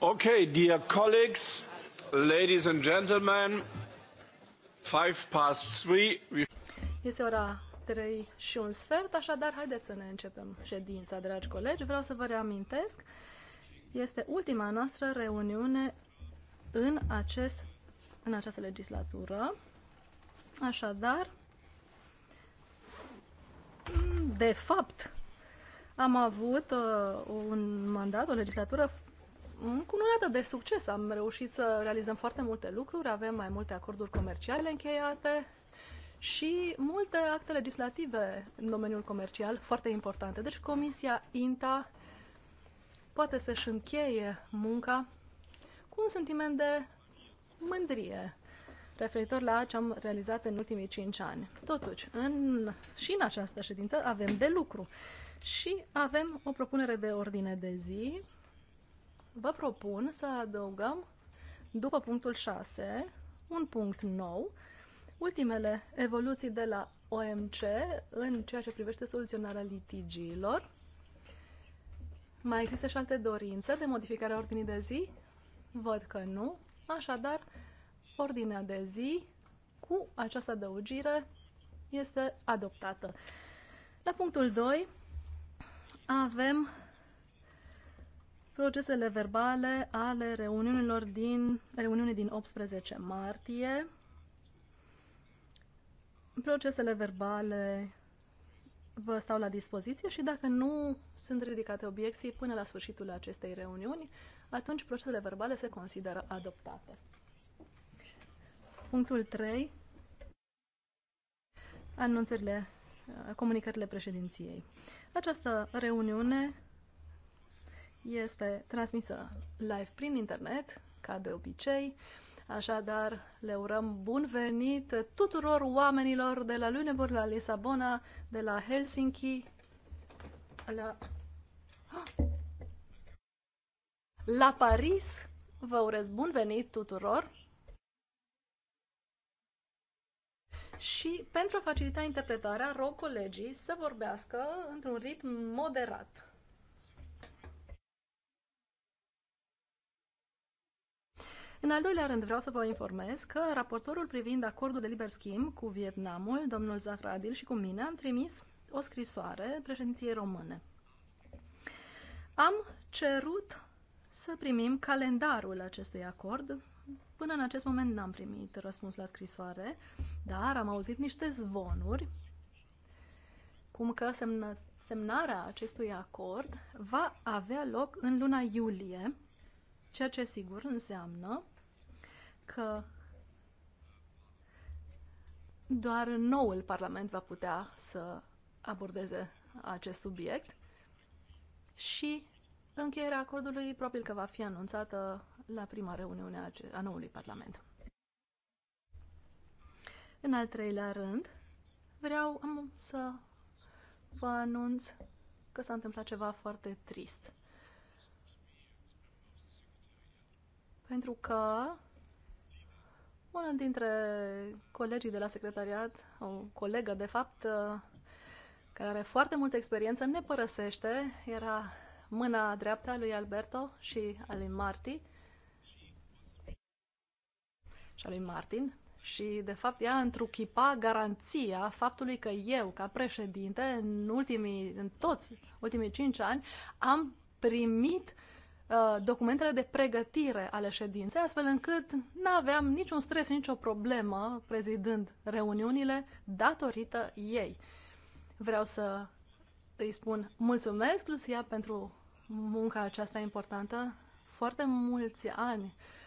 Okay, dear colleagues, ladies and gentlemen, five past three. Este ora 3 și un sfert, așadar haideți să ne începem ședința, dragi colegi. Vreau să vă reamintesc, este ultima noastră reuniune în, acest, în această legislatură. Așadar, de fapt, am avut uh, un mandat, o legislatură încununată de succes. Am reușit să realizăm foarte multe lucruri, avem mai multe acorduri comerciale încheiate și multe acte legislative în domeniul comercial foarte importante. Deci Comisia INTA poate să-și încheie munca cu un sentiment de mândrie referitor la ce am realizat în ultimii 5 ani. Totuși, în, și în această ședință avem de lucru și avem o propunere de ordine de zi vă propun să adăugăm, după punctul 6, un punct nou, ultimele evoluții de la OMC în ceea ce privește soluționarea litigiilor. Mai există și alte dorințe de modificare a ordinii de zi? Văd că nu. Așadar, ordinea de zi cu această adăugire este adoptată. La punctul 2 avem procesele verbale ale reuniunilor din, reuniunii din 18 martie, procesele verbale vă stau la dispoziție și dacă nu sunt ridicate obiecții până la sfârșitul acestei reuniuni, atunci procesele verbale se consideră adoptate. Punctul 3. Anunțurile, comunicările președinției. Această reuniune este transmisă live prin internet, ca de obicei. Așadar, le urăm bun venit tuturor oamenilor de la Lüneburg, la Lisabona, de la Helsinki, la, la Paris. Vă urez bun venit tuturor! Și pentru a facilita interpretarea, rog colegii să vorbească într-un ritm moderat. În al doilea rând, vreau să vă informez că raportorul privind acordul de liber schimb cu Vietnamul, domnul Zahradil și cu mine, am trimis o scrisoare președinției române. Am cerut să primim calendarul acestui acord. Până în acest moment n-am primit răspuns la scrisoare, dar am auzit niște zvonuri cum că semnă, semnarea acestui acord va avea loc în luna iulie Ceea ce sigur înseamnă că doar noul Parlament va putea să abordeze acest subiect și încheierea acordului probabil că va fi anunțată la prima reuniune a noului Parlament. În al treilea rând, vreau să vă anunț că s-a întâmplat ceva foarte trist. pentru că unul dintre colegii de la secretariat, o colegă de fapt, care are foarte multă experiență, ne părăsește. Era mâna dreapta lui Alberto și a lui Marti și a lui Martin și, de fapt, ea întruchipa garanția faptului că eu, ca președinte, în ultimii, în toți ultimii cinci ani, am primit uh, Uh, documentele de pregătire ale ședinței, astfel încât nu aveam niciun stres, nicio problemă prezidând reuniunile datorită ei. Vreau să îi spun mulțumesc, Lucia, pentru munca aceasta importantă. Foarte mulți ani uh,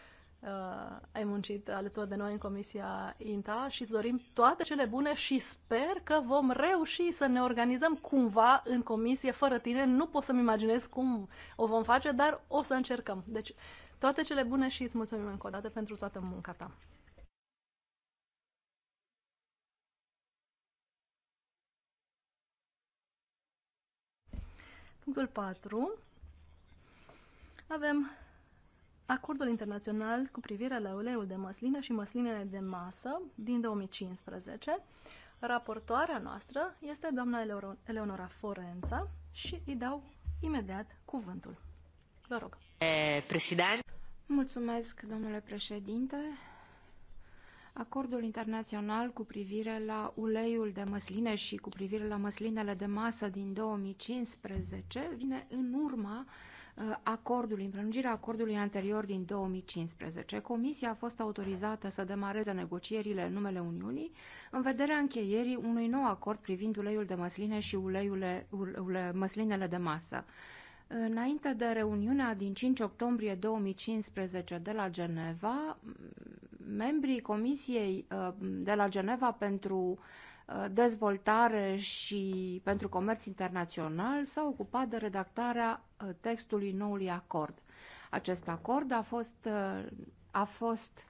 uh, ai muncit alături de noi în Comisia INTA și îți dorim toate cele bune și sper că vom reuși să ne organizăm cumva în comisie fără tine. Nu pot să-mi imaginez cum o vom face, dar o să încercăm. Deci, toate cele bune și îți mulțumim încă o dată pentru toată munca ta. Punctul 4. Avem acordul internațional cu privire la uleiul de măsline și măslinele de masă din 2015. Raportoarea noastră este doamna Eleonora Forența și îi dau imediat cuvântul. Vă rog. Eh, președinte. Mulțumesc, domnule președinte. Acordul internațional cu privire la uleiul de măsline și cu privire la măslinele de masă din 2015 vine în urma acordului, în prelungirea acordului anterior din 2015. Comisia a fost autorizată să demareze negocierile în numele Uniunii în vederea încheierii unui nou acord privind uleiul de măsline și uleiule, ule, măslinele de masă. Înainte de reuniunea din 5 octombrie 2015 de la Geneva, membrii Comisiei uh, de la Geneva pentru dezvoltare și pentru comerț internațional s-a ocupat de redactarea uh, textului noului acord. Acest acord a fost, uh, a fost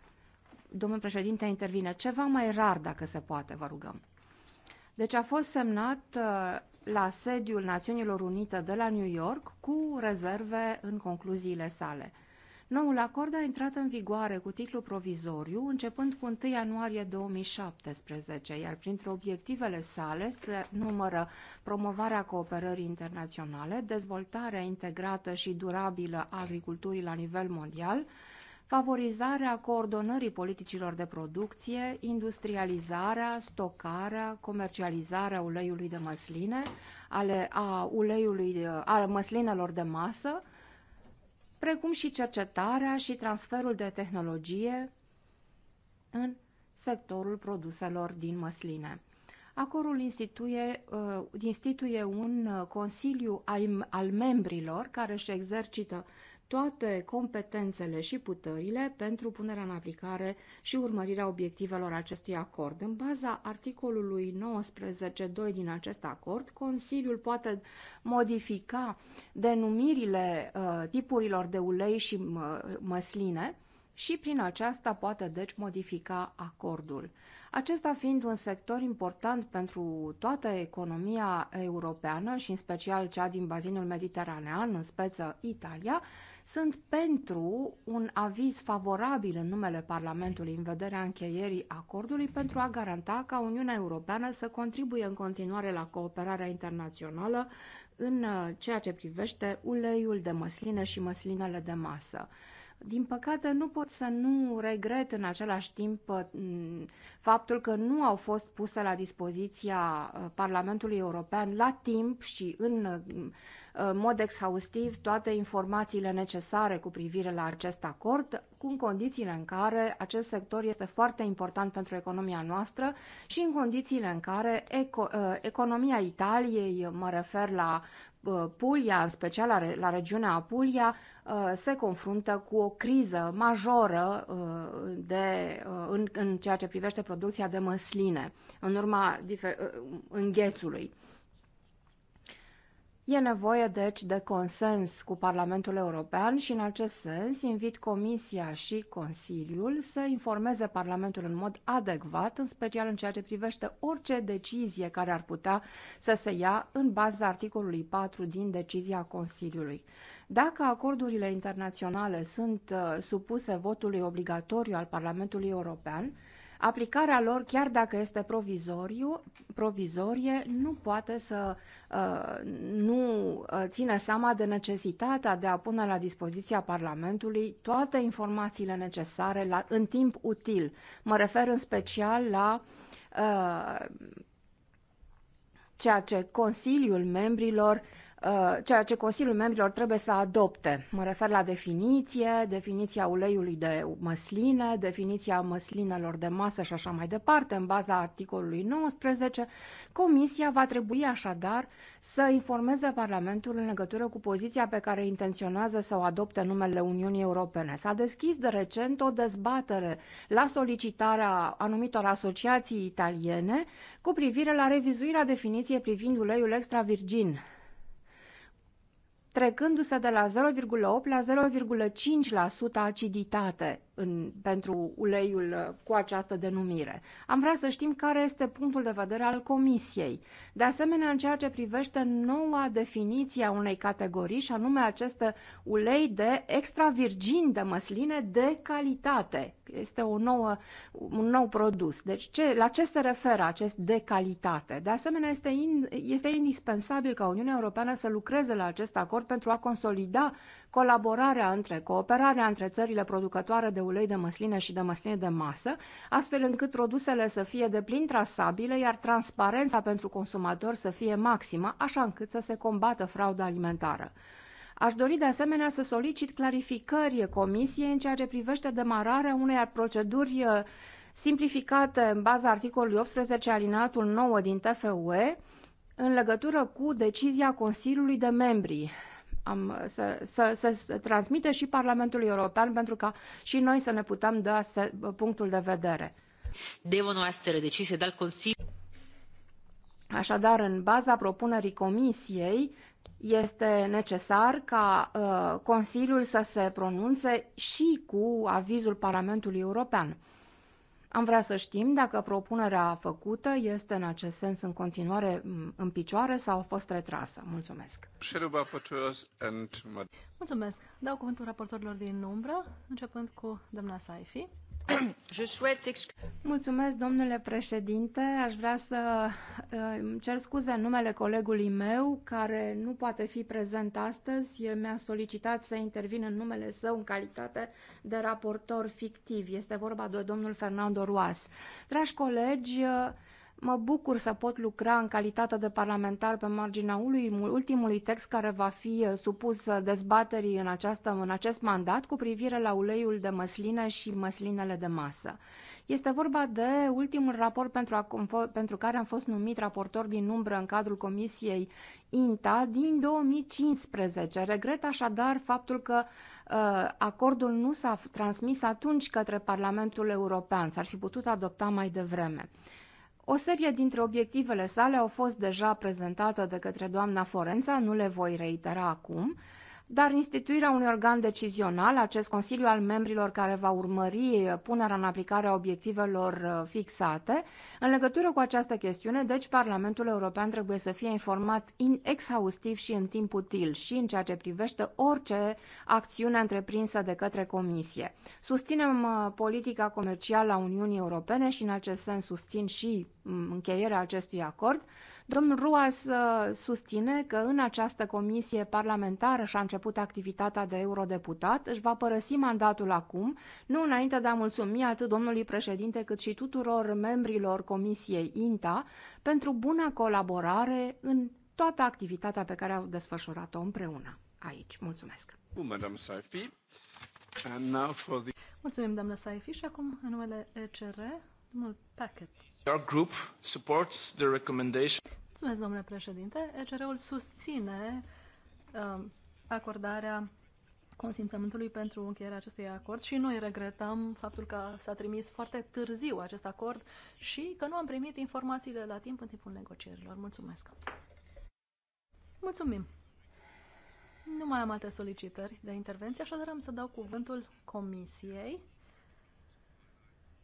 domnul președinte intervine, ceva mai rar dacă se poate, vă rugăm. Deci a fost semnat uh, la sediul Națiunilor Unite de la New York cu rezerve în concluziile sale. Noul acord a intrat în vigoare cu titlu provizoriu începând cu 1 ianuarie 2017, iar printre obiectivele sale se numără promovarea cooperării internaționale, dezvoltarea integrată și durabilă a agriculturii la nivel mondial, favorizarea coordonării politicilor de producție, industrializarea, stocarea, comercializarea uleiului de măsline, ale, a uleiului, a măslinelor de masă, precum și cercetarea și transferul de tehnologie în sectorul produselor din măsline. Acordul instituie, uh, instituie un uh, consiliu al membrilor care își exercită toate competențele și puterile pentru punerea în aplicare și urmărirea obiectivelor acestui acord. În baza articolului 19.2 din acest acord, Consiliul poate modifica denumirile uh, tipurilor de ulei și mă, uh, măsline și prin aceasta poate deci modifica acordul. Acesta fiind un sector important pentru toată economia europeană și în special cea din bazinul mediteranean, în speță Italia, sunt pentru un aviz favorabil în numele Parlamentului în vederea încheierii acordului pentru a garanta ca Uniunea Europeană să contribuie în continuare la cooperarea internațională în uh, ceea ce privește uleiul de măsline și măslinele de masă. Din păcate, nu pot să nu regret în același timp uh, faptul că nu au fost puse la dispoziția uh, Parlamentului European la timp și uh, în mod exhaustiv toate informațiile necesare cu privire la acest acord, cu condițiile în care acest sector este foarte important pentru economia noastră și în condițiile în care eco, economia Italiei, mă refer la Uh, Puglia, în special la, la regiunea Apulia, uh, se confruntă cu o criză majoră uh, de, în, în ceea ce privește producția de măsline, în urma difer- înghețului. E nevoie, deci, de consens cu Parlamentul European și, în acest sens, invit Comisia și Consiliul să informeze Parlamentul în mod adecvat, în special în ceea ce privește orice decizie care ar putea să se ia în baza articolului 4 din decizia Consiliului. Dacă acordurile internaționale sunt uh, supuse votului obligatoriu al Parlamentului European, aplicarea lor, chiar dacă este provizoriu, provizorie, nu poate să uh, nu uh, ține seama de necesitatea de a pune la dispoziția Parlamentului toate informațiile necesare la, în timp util. Mă refer în special la uh, ceea ce Consiliul membrilor Uh, ceea ce Consiliul Membrilor trebuie să adopte. Mă refer la definiție, definiția uleiului de măsline, definiția măslinelor de masă și așa mai departe, în baza articolului 19. Comisia va trebui așadar să informeze Parlamentul în legătură cu poziția pe care intenționează să o adopte numele Uniunii Europene. S-a deschis de recent o dezbatere la solicitarea anumitor asociații italiene cu privire la revizuirea definiției privind uleiul extravirgin trecându-se de la 0,8 la 0,5% aciditate în, pentru uleiul uh, cu această denumire. Am vrea să știm care este punctul de vedere al Comisiei. De asemenea, în ceea ce privește noua definiție a unei categorii, și anume aceste ulei de extravirgin de măsline de calitate. Este o nouă, un nou produs. Deci, ce, la ce se referă acest de calitate? De asemenea, este, in, este indispensabil ca Uniunea Europeană să lucreze la acest acord pentru a consolida colaborarea între, cooperarea între țările producătoare de ulei de măsline și de măsline de masă, astfel încât produsele să fie deplin trasabile, iar transparența pentru consumator să fie maximă, așa încât să se combată frauda alimentară. Aș dori de asemenea să solicit clarificări Comisiei în ceea ce privește demararea unei proceduri uh, simplificate în baza articolului 18 alinatul 9 din TFUE în legătură cu decizia Consiliului de Membri am, să, să, să, să transmită și Parlamentului European pentru ca și noi să ne putem da se, punctul de vedere. Devono essere decise dal Consiliu. Așadar, în baza propunerii Comisiei, este necesar ca uh, Consiliul să se pronunțe și cu avizul Parlamentului European. Am vrea să știm dacă propunerea făcută este în acest sens în continuare în picioare sau a fost retrasă. Mulțumesc. Mulțumesc. Dau cuvântul raportorilor din umbră, începând cu doamna Saifi. Mulțumesc, domnule președinte. Aș vrea să uh, cer scuze în numele colegului meu, care nu poate fi prezent astăzi. Mi-a solicitat să intervin în numele său în calitate de raportor fictiv. Este vorba de domnul Fernando Ruas. Dragi colegi, uh, Mă bucur să pot lucra în calitate de parlamentar pe marginea ultimului text care va fi uh, supus uh, dezbaterii în, această, în acest mandat cu privire la uleiul de măsline și măslinele de masă. Este vorba de ultimul raport pentru, a, pentru care am fost numit raportor din umbră în cadrul Comisiei INTA din 2015. Regret așadar faptul că uh, acordul nu s-a transmis atunci către Parlamentul European. S-ar fi putut adopta mai devreme. O serie dintre obiectivele sale au fost deja prezentate de către doamna Forența, nu le voi reitera acum, dar instituirea unui organ decizional, acest Consiliu al membrilor care va urmări punerea în aplicare a obiectivelor uh, fixate, în legătură cu această chestiune, deci Parlamentul European trebuie să fie informat in exhaustiv și în timp util și în ceea ce privește orice acțiune întreprinsă de către Comisie. Susținem uh, politica comercială a Uniunii Europene și în acest sens susțin și mm, încheierea acestui acord, Domnul Ruas uh, susține că în această comisie parlamentară și-a început activitatea de eurodeputat, își va părăsi mandatul acum, nu înainte de a mulțumi atât domnului președinte cât și tuturor membrilor comisiei INTA pentru buna colaborare în toată activitatea pe care au desfășurat-o împreună aici. Mulțumesc! Mulțumim, doamnă Saifi, și acum în numele ECR, domnul Packet. Our group supports the recommendation. Mulțumesc, domnule președinte. ECR-ul susține uh, acordarea consimțământului pentru încheierea acestui acord și noi regretăm faptul că s-a trimis foarte târziu acest acord și că nu am primit informațiile la timp în timpul negocierilor. Mulțumesc! Mulțumim! Nu mai am alte solicitări de intervenție, așadar am să dau cuvântul comisiei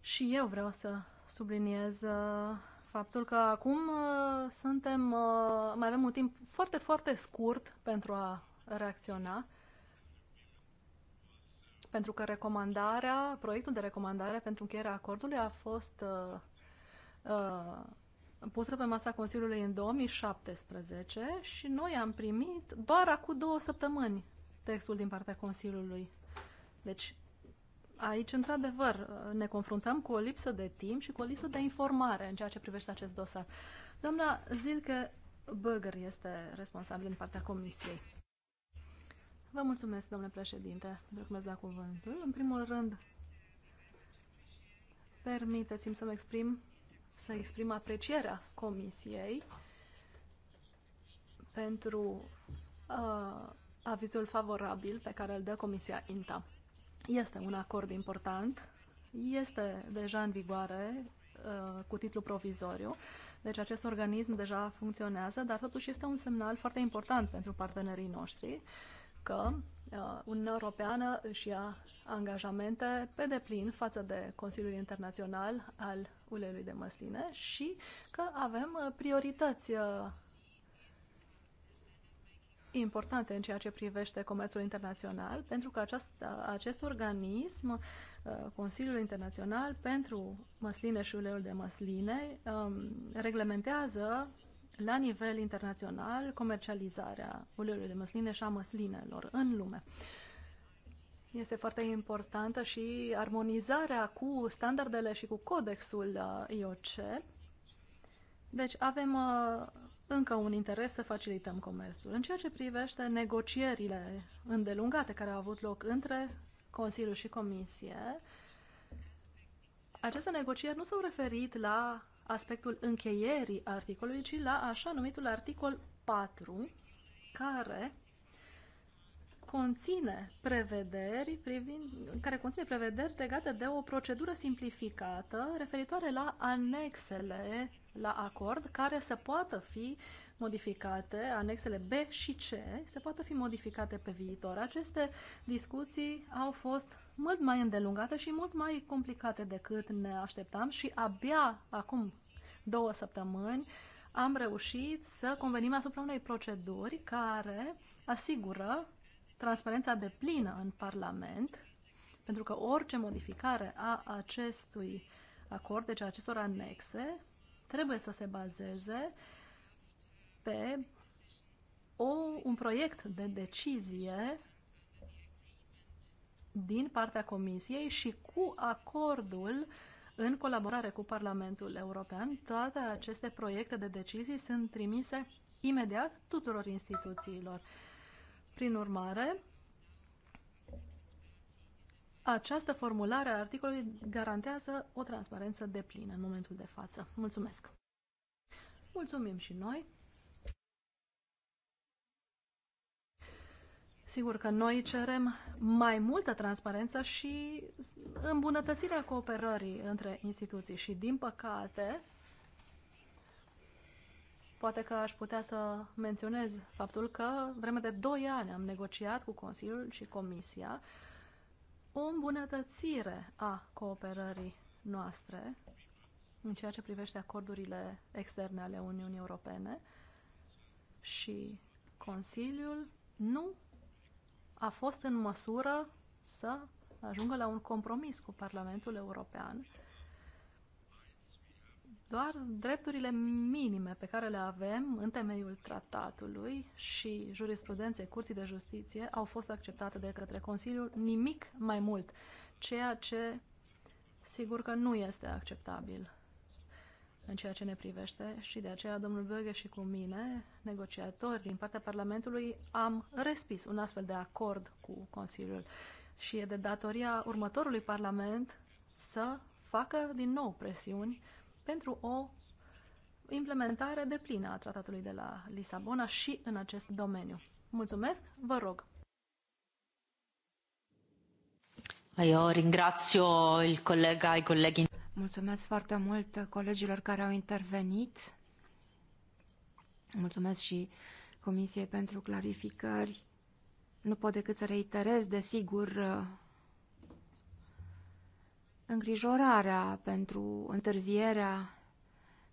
și eu vreau să subliniez uh, faptul că acum uh, suntem, uh, mai avem un timp foarte, foarte scurt pentru a reacționa, pentru că recomandarea, proiectul de recomandare pentru încheierea acordului a fost uh, pusă pe masa Consiliului în 2017 și noi am primit doar acum două săptămâni textul din partea Consiliului. Deci Aici, într-adevăr, ne confruntăm cu o lipsă de timp și cu o lipsă de informare în ceea ce privește acest dosar. Doamna Zilke Băgăr este responsabil din partea Comisiei. Vă mulțumesc, domnule președinte, pentru că mi-ați dat cuvântul. În primul rând, permiteți-mi să-mi exprim, să exprim aprecierea Comisiei pentru uh, avizul favorabil pe care îl dă Comisia INTA. Este un acord important, este deja în vigoare uh, cu titlu provizoriu, deci acest organism deja funcționează, dar totuși este un semnal foarte important pentru partenerii noștri că uh, Uniunea Europeană își ia angajamente pe deplin față de Consiliul Internațional al Uleiului de Măsline și că avem uh, priorități importante în ceea ce privește comerțul internațional, pentru că acest, acest organism, uh, Consiliul Internațional pentru Măsline și Uleiul de Măsline, um, reglementează la nivel internațional comercializarea uleiului de măsline și a măslinelor în lume. Este foarte importantă și armonizarea cu standardele și cu codexul uh, IOC. Deci avem uh, încă un interes să facilităm comerțul. În ceea ce privește negocierile îndelungate care au avut loc între Consiliu și Comisie, aceste negocieri nu s-au referit la aspectul încheierii articolului, ci la așa numitul articol 4, care conține prevederi privind, care conține prevederi legate de o procedură simplificată referitoare la anexele la acord care să poată fi modificate, anexele B și C, se poată fi modificate pe viitor. Aceste discuții au fost mult mai îndelungate și mult mai complicate decât ne așteptam și abia acum două săptămâni am reușit să convenim asupra unei proceduri care asigură transparența de plină în Parlament, pentru că orice modificare a acestui acord, deci a acestor anexe, trebuie să se bazeze pe o, un proiect de decizie din partea Comisiei și cu acordul în colaborare cu Parlamentul European, toate aceste proiecte de decizii sunt trimise imediat tuturor instituțiilor. Prin urmare, această formulare a articolului garantează o transparență deplină în momentul de față. Mulțumesc! Mulțumim și noi! Sigur că noi cerem mai multă transparență și îmbunătățirea cooperării între instituții și, din păcate, Poate că aș putea să menționez faptul că vreme de 2 ani am negociat cu Consiliul și Comisia o îmbunătățire a cooperării noastre în ceea ce privește acordurile externe ale Uniunii Europene și Consiliul nu a fost în măsură să ajungă la un compromis cu Parlamentul European doar drepturile minime pe care le avem în temeiul tratatului și jurisprudenței Curții de Justiție au fost acceptate de către Consiliul, nimic mai mult, ceea ce sigur că nu este acceptabil în ceea ce ne privește și de aceea domnul Böge și cu mine, negociatori din partea Parlamentului, am respins un astfel de acord cu Consiliul și e de datoria următorului Parlament să facă din nou presiuni pentru o implementare deplină a tratatului de la Lisabona și în acest domeniu. Mulțumesc, vă rog. Eu ringrazio il Mulțumesc foarte mult colegilor care au intervenit. Mulțumesc și Comisiei pentru clarificări. Nu pot decât să reiterez, desigur, îngrijorarea pentru întârzierea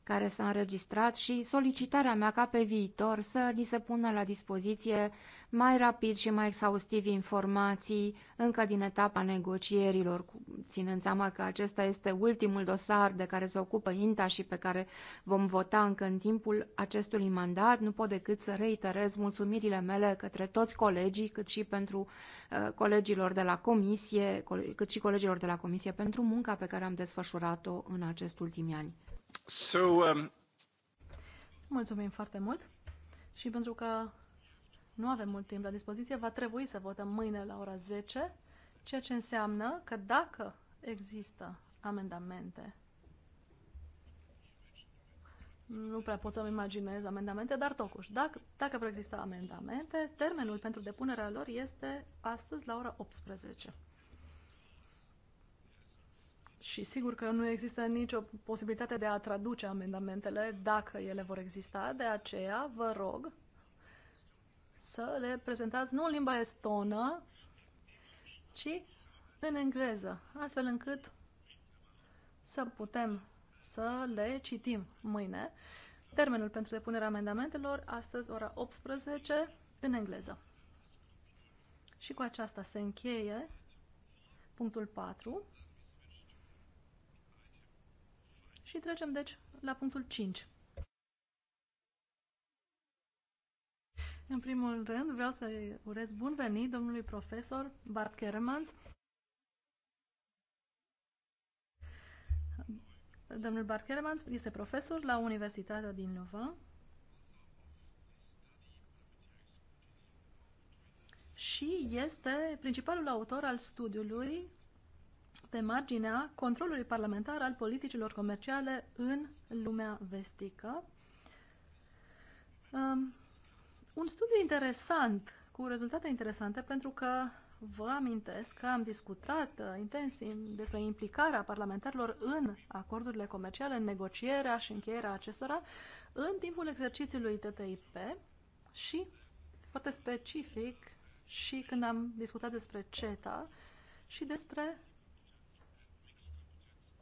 care s-a înregistrat și solicitarea mea ca pe viitor să ni se pună la dispoziție mai rapid și mai exhaustiv informații încă din etapa negocierilor, ținând seama că acesta este ultimul dosar de care se ocupă INTA și pe care vom vota încă în timpul acestui mandat. Nu pot decât să reiterez mulțumirile mele către toți colegii, cât și pentru uh, colegilor de la comisie, cât și colegilor de la comisie pentru munca pe care am desfășurat-o în acest ultimii ani. So, um... Mulțumim foarte mult și pentru că nu avem mult timp la dispoziție, va trebui să votăm mâine la ora 10, ceea ce înseamnă că dacă există amendamente, nu prea pot să-mi imaginez amendamente, dar totuși, dacă, dacă vor exista amendamente, termenul pentru depunerea lor este astăzi la ora 18 și sigur că nu există nicio posibilitate de a traduce amendamentele dacă ele vor exista, de aceea vă rog să le prezentați nu în limba estonă, ci în engleză, astfel încât să putem să le citim mâine. Termenul pentru depunerea amendamentelor, astăzi ora 18, în engleză. Și cu aceasta se încheie punctul 4. Și trecem, deci, la punctul 5. În primul rând, vreau să-i urez bun venit domnului profesor Bart Keremans. Domnul Bart Keremans este profesor la Universitatea din Louvain și este principalul autor al studiului pe marginea controlului parlamentar al politicilor comerciale în lumea vestică. Um, un studiu interesant, cu rezultate interesante, pentru că vă amintesc că am discutat uh, intensiv despre implicarea parlamentarilor în acordurile comerciale, în negocierea și încheierea acestora, în timpul exercițiului TTIP și, foarte specific, și când am discutat despre CETA și despre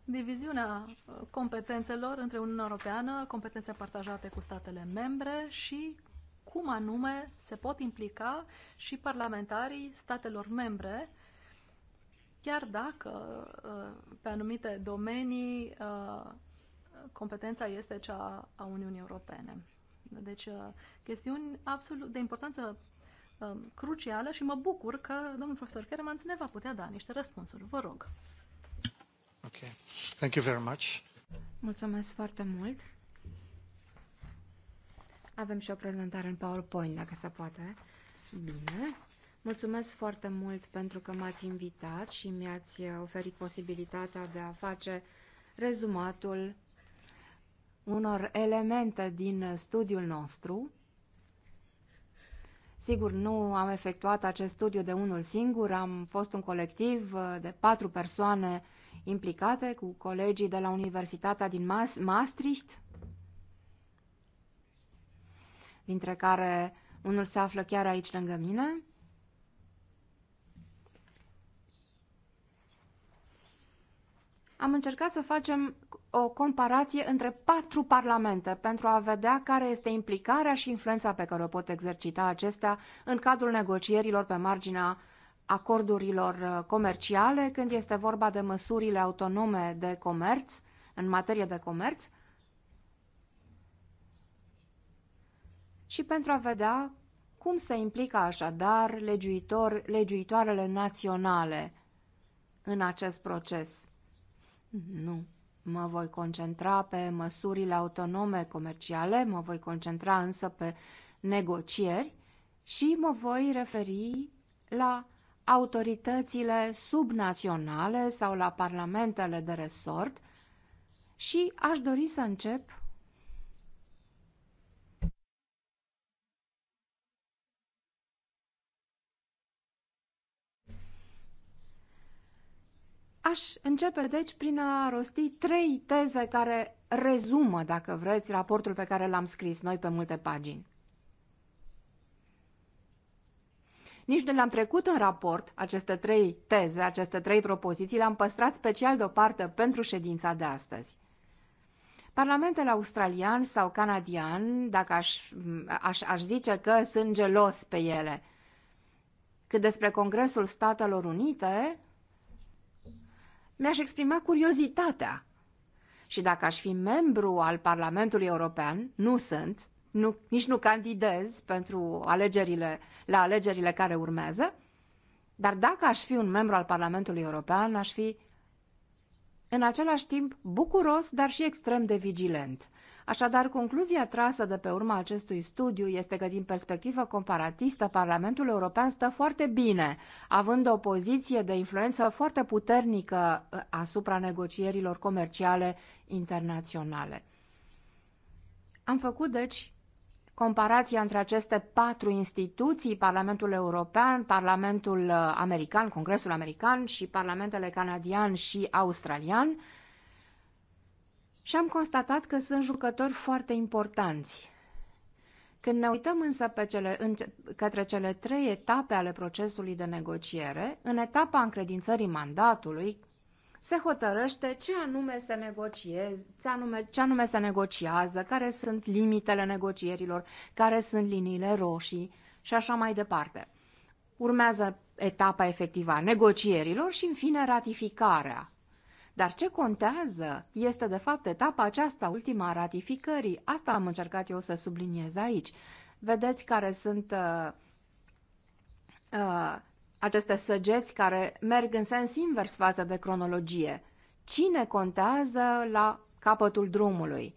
diviziunea uh, competențelor între Uniunea Europeană, competențe partajate cu statele membre și cum anume se pot implica și parlamentarii statelor membre, chiar dacă uh, pe anumite domenii uh, competența este cea a Uniunii Europene. Deci, chestiuni absolut de importanță crucială și mă bucur că domnul profesor Keremans ne va putea da niște răspunsuri. Vă rog. Ok. Thank you very much. Mulțumesc foarte mult. Avem și o prezentare în PowerPoint, dacă se poate. Bine. Mulțumesc foarte mult pentru că m-ați invitat și mi-ați oferit posibilitatea de a face rezumatul unor elemente din studiul nostru. Sigur, nu am efectuat acest studiu de unul singur, am fost un colectiv de patru persoane implicate, cu colegii de la Universitatea din Maastricht, dintre care unul se află chiar aici lângă mine. Am încercat să facem o comparație între patru parlamente pentru a vedea care este implicarea și influența pe care o pot exercita acestea în cadrul negocierilor pe marginea acordurilor uh, comerciale când este vorba de măsurile autonome de comerț, în materie de comerț, și pentru a vedea cum se implică așadar legiuitor, legiuitoarele naționale în acest proces. Nu, mă voi concentra pe măsurile autonome comerciale, mă voi concentra însă pe negocieri și mă voi referi la autoritățile subnaționale sau la parlamentele de resort și aș dori să încep Aș începe, deci, prin a rosti trei teze care rezumă, dacă vreți, raportul pe care l-am scris noi pe multe pagini. Nici nu le-am trecut în raport aceste trei teze, aceste trei propoziții, le-am păstrat special deoparte pentru ședința de astăzi. Parlamentele australian sau canadian, dacă aș, aș, aș zice că sunt gelos pe ele. Cât despre Congresul Statelor Unite, mi-aș exprima curiozitatea. Și dacă aș fi membru al Parlamentului European, nu sunt, nu, nici nu candidez pentru alegerile, la alegerile care urmează, dar dacă aș fi un membru al Parlamentului European, aș fi în același timp bucuros, dar și extrem de vigilent. Așadar, concluzia trasă de pe urma acestui studiu este că, din perspectivă comparatistă, Parlamentul European stă foarte bine, având o poziție de influență foarte puternică ă, asupra negocierilor comerciale internaționale. Am făcut, deci, comparația între aceste patru instituții, Parlamentul European, Parlamentul uh, American, Congresul American și Parlamentele Canadian și Australian, și am constatat că sunt jucători foarte importanți. Când ne uităm însă pe cele, în, către cele trei etape ale procesului de negociere, în etapa încredințării mandatului, se hotărăște ce anume se negociez, ce anume, ce anume se negociază, care sunt limitele negocierilor, care sunt liniile roșii și așa mai departe. Urmează etapa efectivă a negocierilor și, în fine, ratificarea. Dar ce contează este, de fapt, etapa aceasta, ultima a ratificării. Asta am încercat eu să subliniez aici. Vedeți care sunt uh, uh, aceste săgeți care merg în sens invers față de cronologie. Cine contează la capătul drumului?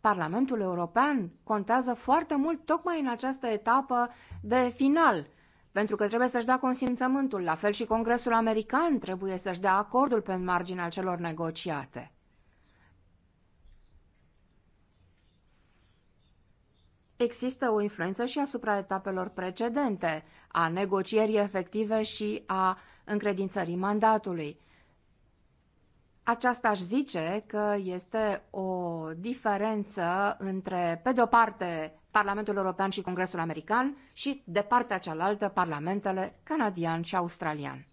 Parlamentul European contează foarte mult tocmai în această etapă de final, pentru că trebuie să-și dea consimțământul, la fel și Congresul American trebuie să-și dea acordul pe marginea celor negociate. există o influență și asupra etapelor precedente, a negocierii efective și a încredințării mandatului. Aceasta aș zice că este o diferență între, pe de-o parte, Parlamentul European și Congresul American și, de partea cealaltă, parlamentele canadian și australian.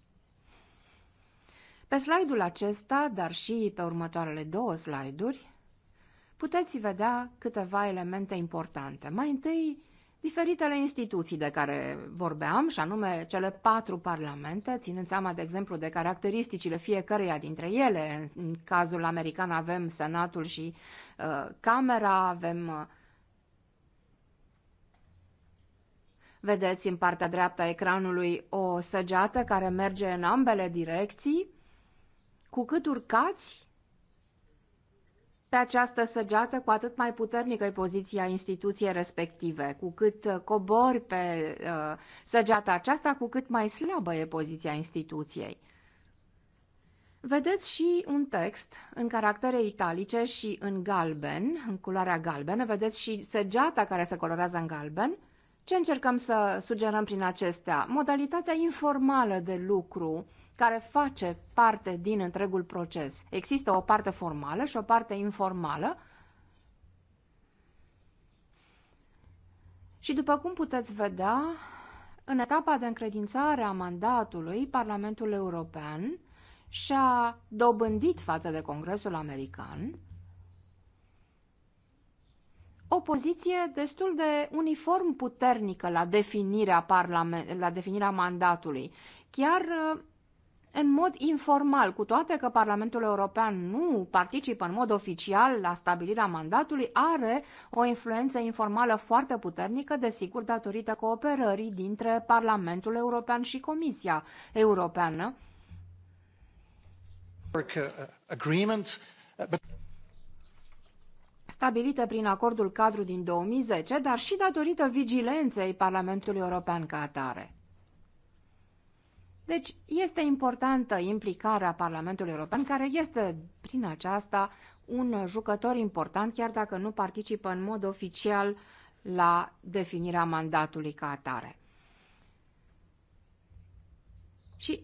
Pe slide-ul acesta, dar și pe următoarele două slide-uri, puteți vedea câteva elemente importante. Mai întâi, diferitele instituții de care vorbeam, și anume cele patru parlamente, ținând seama, de exemplu, de caracteristicile fiecăreia dintre ele. În cazul american avem Senatul și uh, Camera, avem... Uh, vedeți în partea dreapta ecranului o săgeată care merge în ambele direcții. Cu cât urcați, pe această săgeată, cu atât mai puternică e poziția instituției respective. Cu cât uh, cobori pe uh, săgeata aceasta, cu cât mai slabă e poziția instituției. Vedeți și un text în caractere italice și în galben, în culoarea galbenă, vedeți și săgeata care se colorează în galben. Ce încercăm să sugerăm prin acestea? Modalitatea informală de lucru uh, care face parte din întregul proces. Există o parte formală și o parte informală. Și după cum puteți vedea, în etapa de încredințare a mandatului, Parlamentul European și-a dobândit față de Congresul American o poziție destul de uniform puternică la definirea, parlament, la definirea mandatului. Chiar în mod informal, cu toate că Parlamentul European nu participă în mod oficial la stabilirea mandatului, are o influență informală foarte puternică, desigur, datorită cooperării dintre Parlamentul European și Comisia Europeană. Stabilită prin acordul cadru din 2010, dar și datorită vigilenței Parlamentului European ca atare. Deci este importantă implicarea Parlamentului European, care este prin aceasta un jucător important, chiar dacă nu participă în mod oficial la definirea mandatului ca atare. Și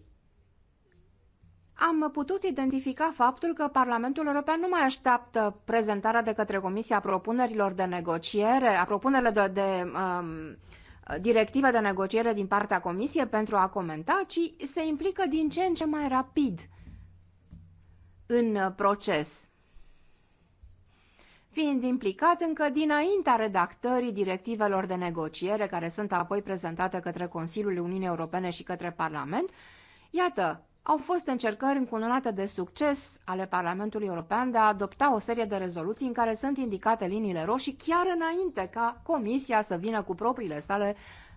am putut identifica faptul că Parlamentul European nu mai așteaptă prezentarea de către Comisia propunerilor de negociere, a propunerilor de, de um, directive de negociere din partea Comisiei pentru a comenta, ci se implică din ce în ce mai rapid în proces, fiind implicat încă dinaintea redactării directivelor de negociere care sunt apoi prezentate către Consiliul Uniunii Europene și către Parlament. Iată, au fost încercări încununate de succes ale Parlamentului European de a adopta o serie de rezoluții în care sunt indicate liniile roșii chiar înainte ca Comisia să vină cu propriile sale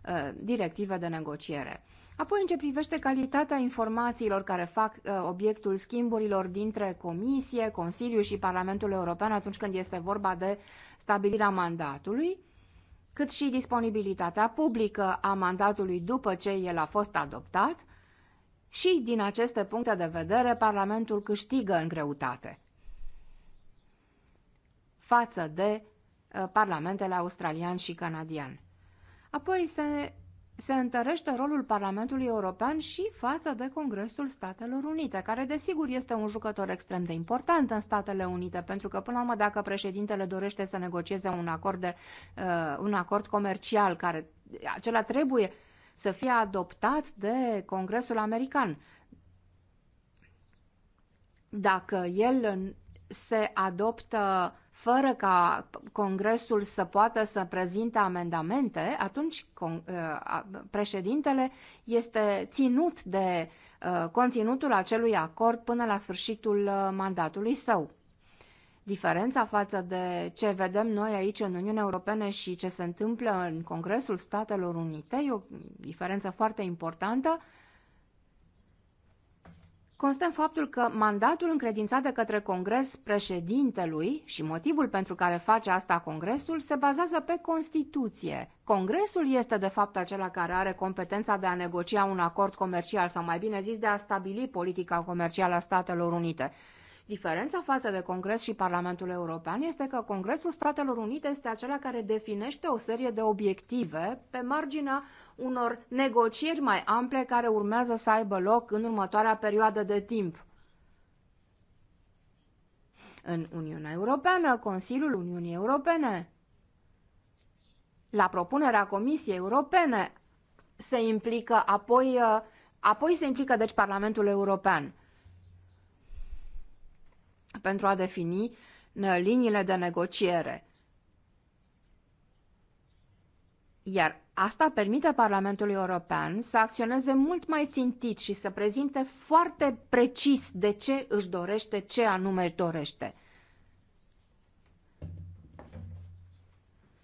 uh, directive de negociere. Apoi, în ce privește calitatea informațiilor care fac uh, obiectul schimburilor dintre Comisie, Consiliu și Parlamentul European atunci când este vorba de stabilirea mandatului, cât și disponibilitatea publică a mandatului după ce el a fost adoptat, și, din aceste puncte de vedere, Parlamentul câștigă în greutate față de uh, parlamentele australian și canadian. Apoi se, se întărește rolul Parlamentului European și față de Congresul Statelor Unite, care desigur este un jucător extrem de important în Statele Unite, pentru că până la urmă dacă președintele dorește să negocieze un acord, de, uh, un acord comercial, care acela trebuie uh, să fie adoptat de Congresul American. Dacă el se adoptă fără ca Congresul să poată să prezinte amendamente, atunci uh, președintele este ținut de uh, conținutul acelui acord până la sfârșitul uh, mandatului său. Diferența față de ce vedem noi aici în Uniunea Europeană și ce se întâmplă în Congresul Statelor Unite e o diferență foarte importantă. Constă în faptul că mandatul încredințat de către Congres președintelui și motivul pentru care face asta Congresul se bazează pe Constituție. Congresul este de fapt acela care are competența de a negocia un acord comercial sau mai bine zis de a stabili politica comercială a Statelor Unite. Diferența față de Congres și Parlamentul European este că Congresul Statelor Unite este acela care definește o serie de obiective pe marginea unor negocieri mai ample care urmează să aibă loc în următoarea perioadă de timp. În Uniunea Europeană, Consiliul Uniunii Europene, la propunerea Comisiei Europene, se implică apoi, apoi se implică deci Parlamentul European pentru a defini uh, liniile de negociere. Iar asta permite Parlamentului European să acționeze mult mai țintit și să prezinte foarte precis de ce își dorește, ce anume își dorește.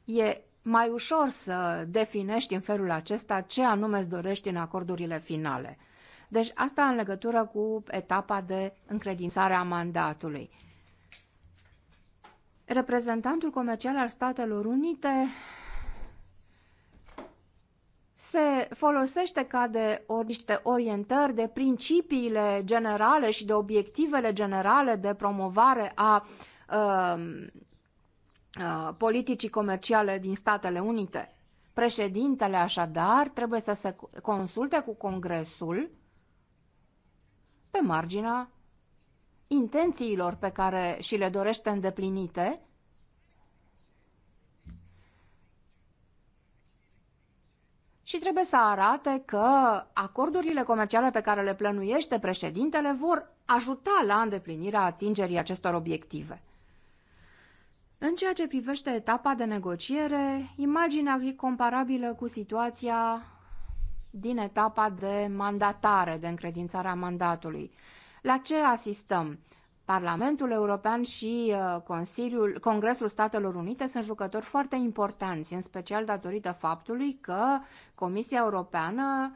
E mai ușor să definești în felul acesta ce anume îți dorești în acordurile finale. Deci asta în legătură cu etapa de încredințare a mandatului. Reprezentantul comercial al Statelor Unite se folosește ca de niște orientări de principiile generale și de obiectivele generale de promovare a uh, uh, politicii comerciale din Statele Unite. Președintele, așadar, trebuie să se consulte cu Congresul pe marginea intențiilor pe care și le dorește îndeplinite și trebuie să arate că acordurile comerciale pe care le plănuiește președintele vor ajuta la îndeplinirea atingerii acestor obiective. În ceea ce privește etapa de negociere, imaginea e comparabilă cu situația din etapa de mandatare, de încredințarea mandatului. La ce asistăm? Parlamentul European și uh, Consiliul, Congresul Statelor Unite sunt jucători foarte importanți, în special datorită faptului că Comisia Europeană,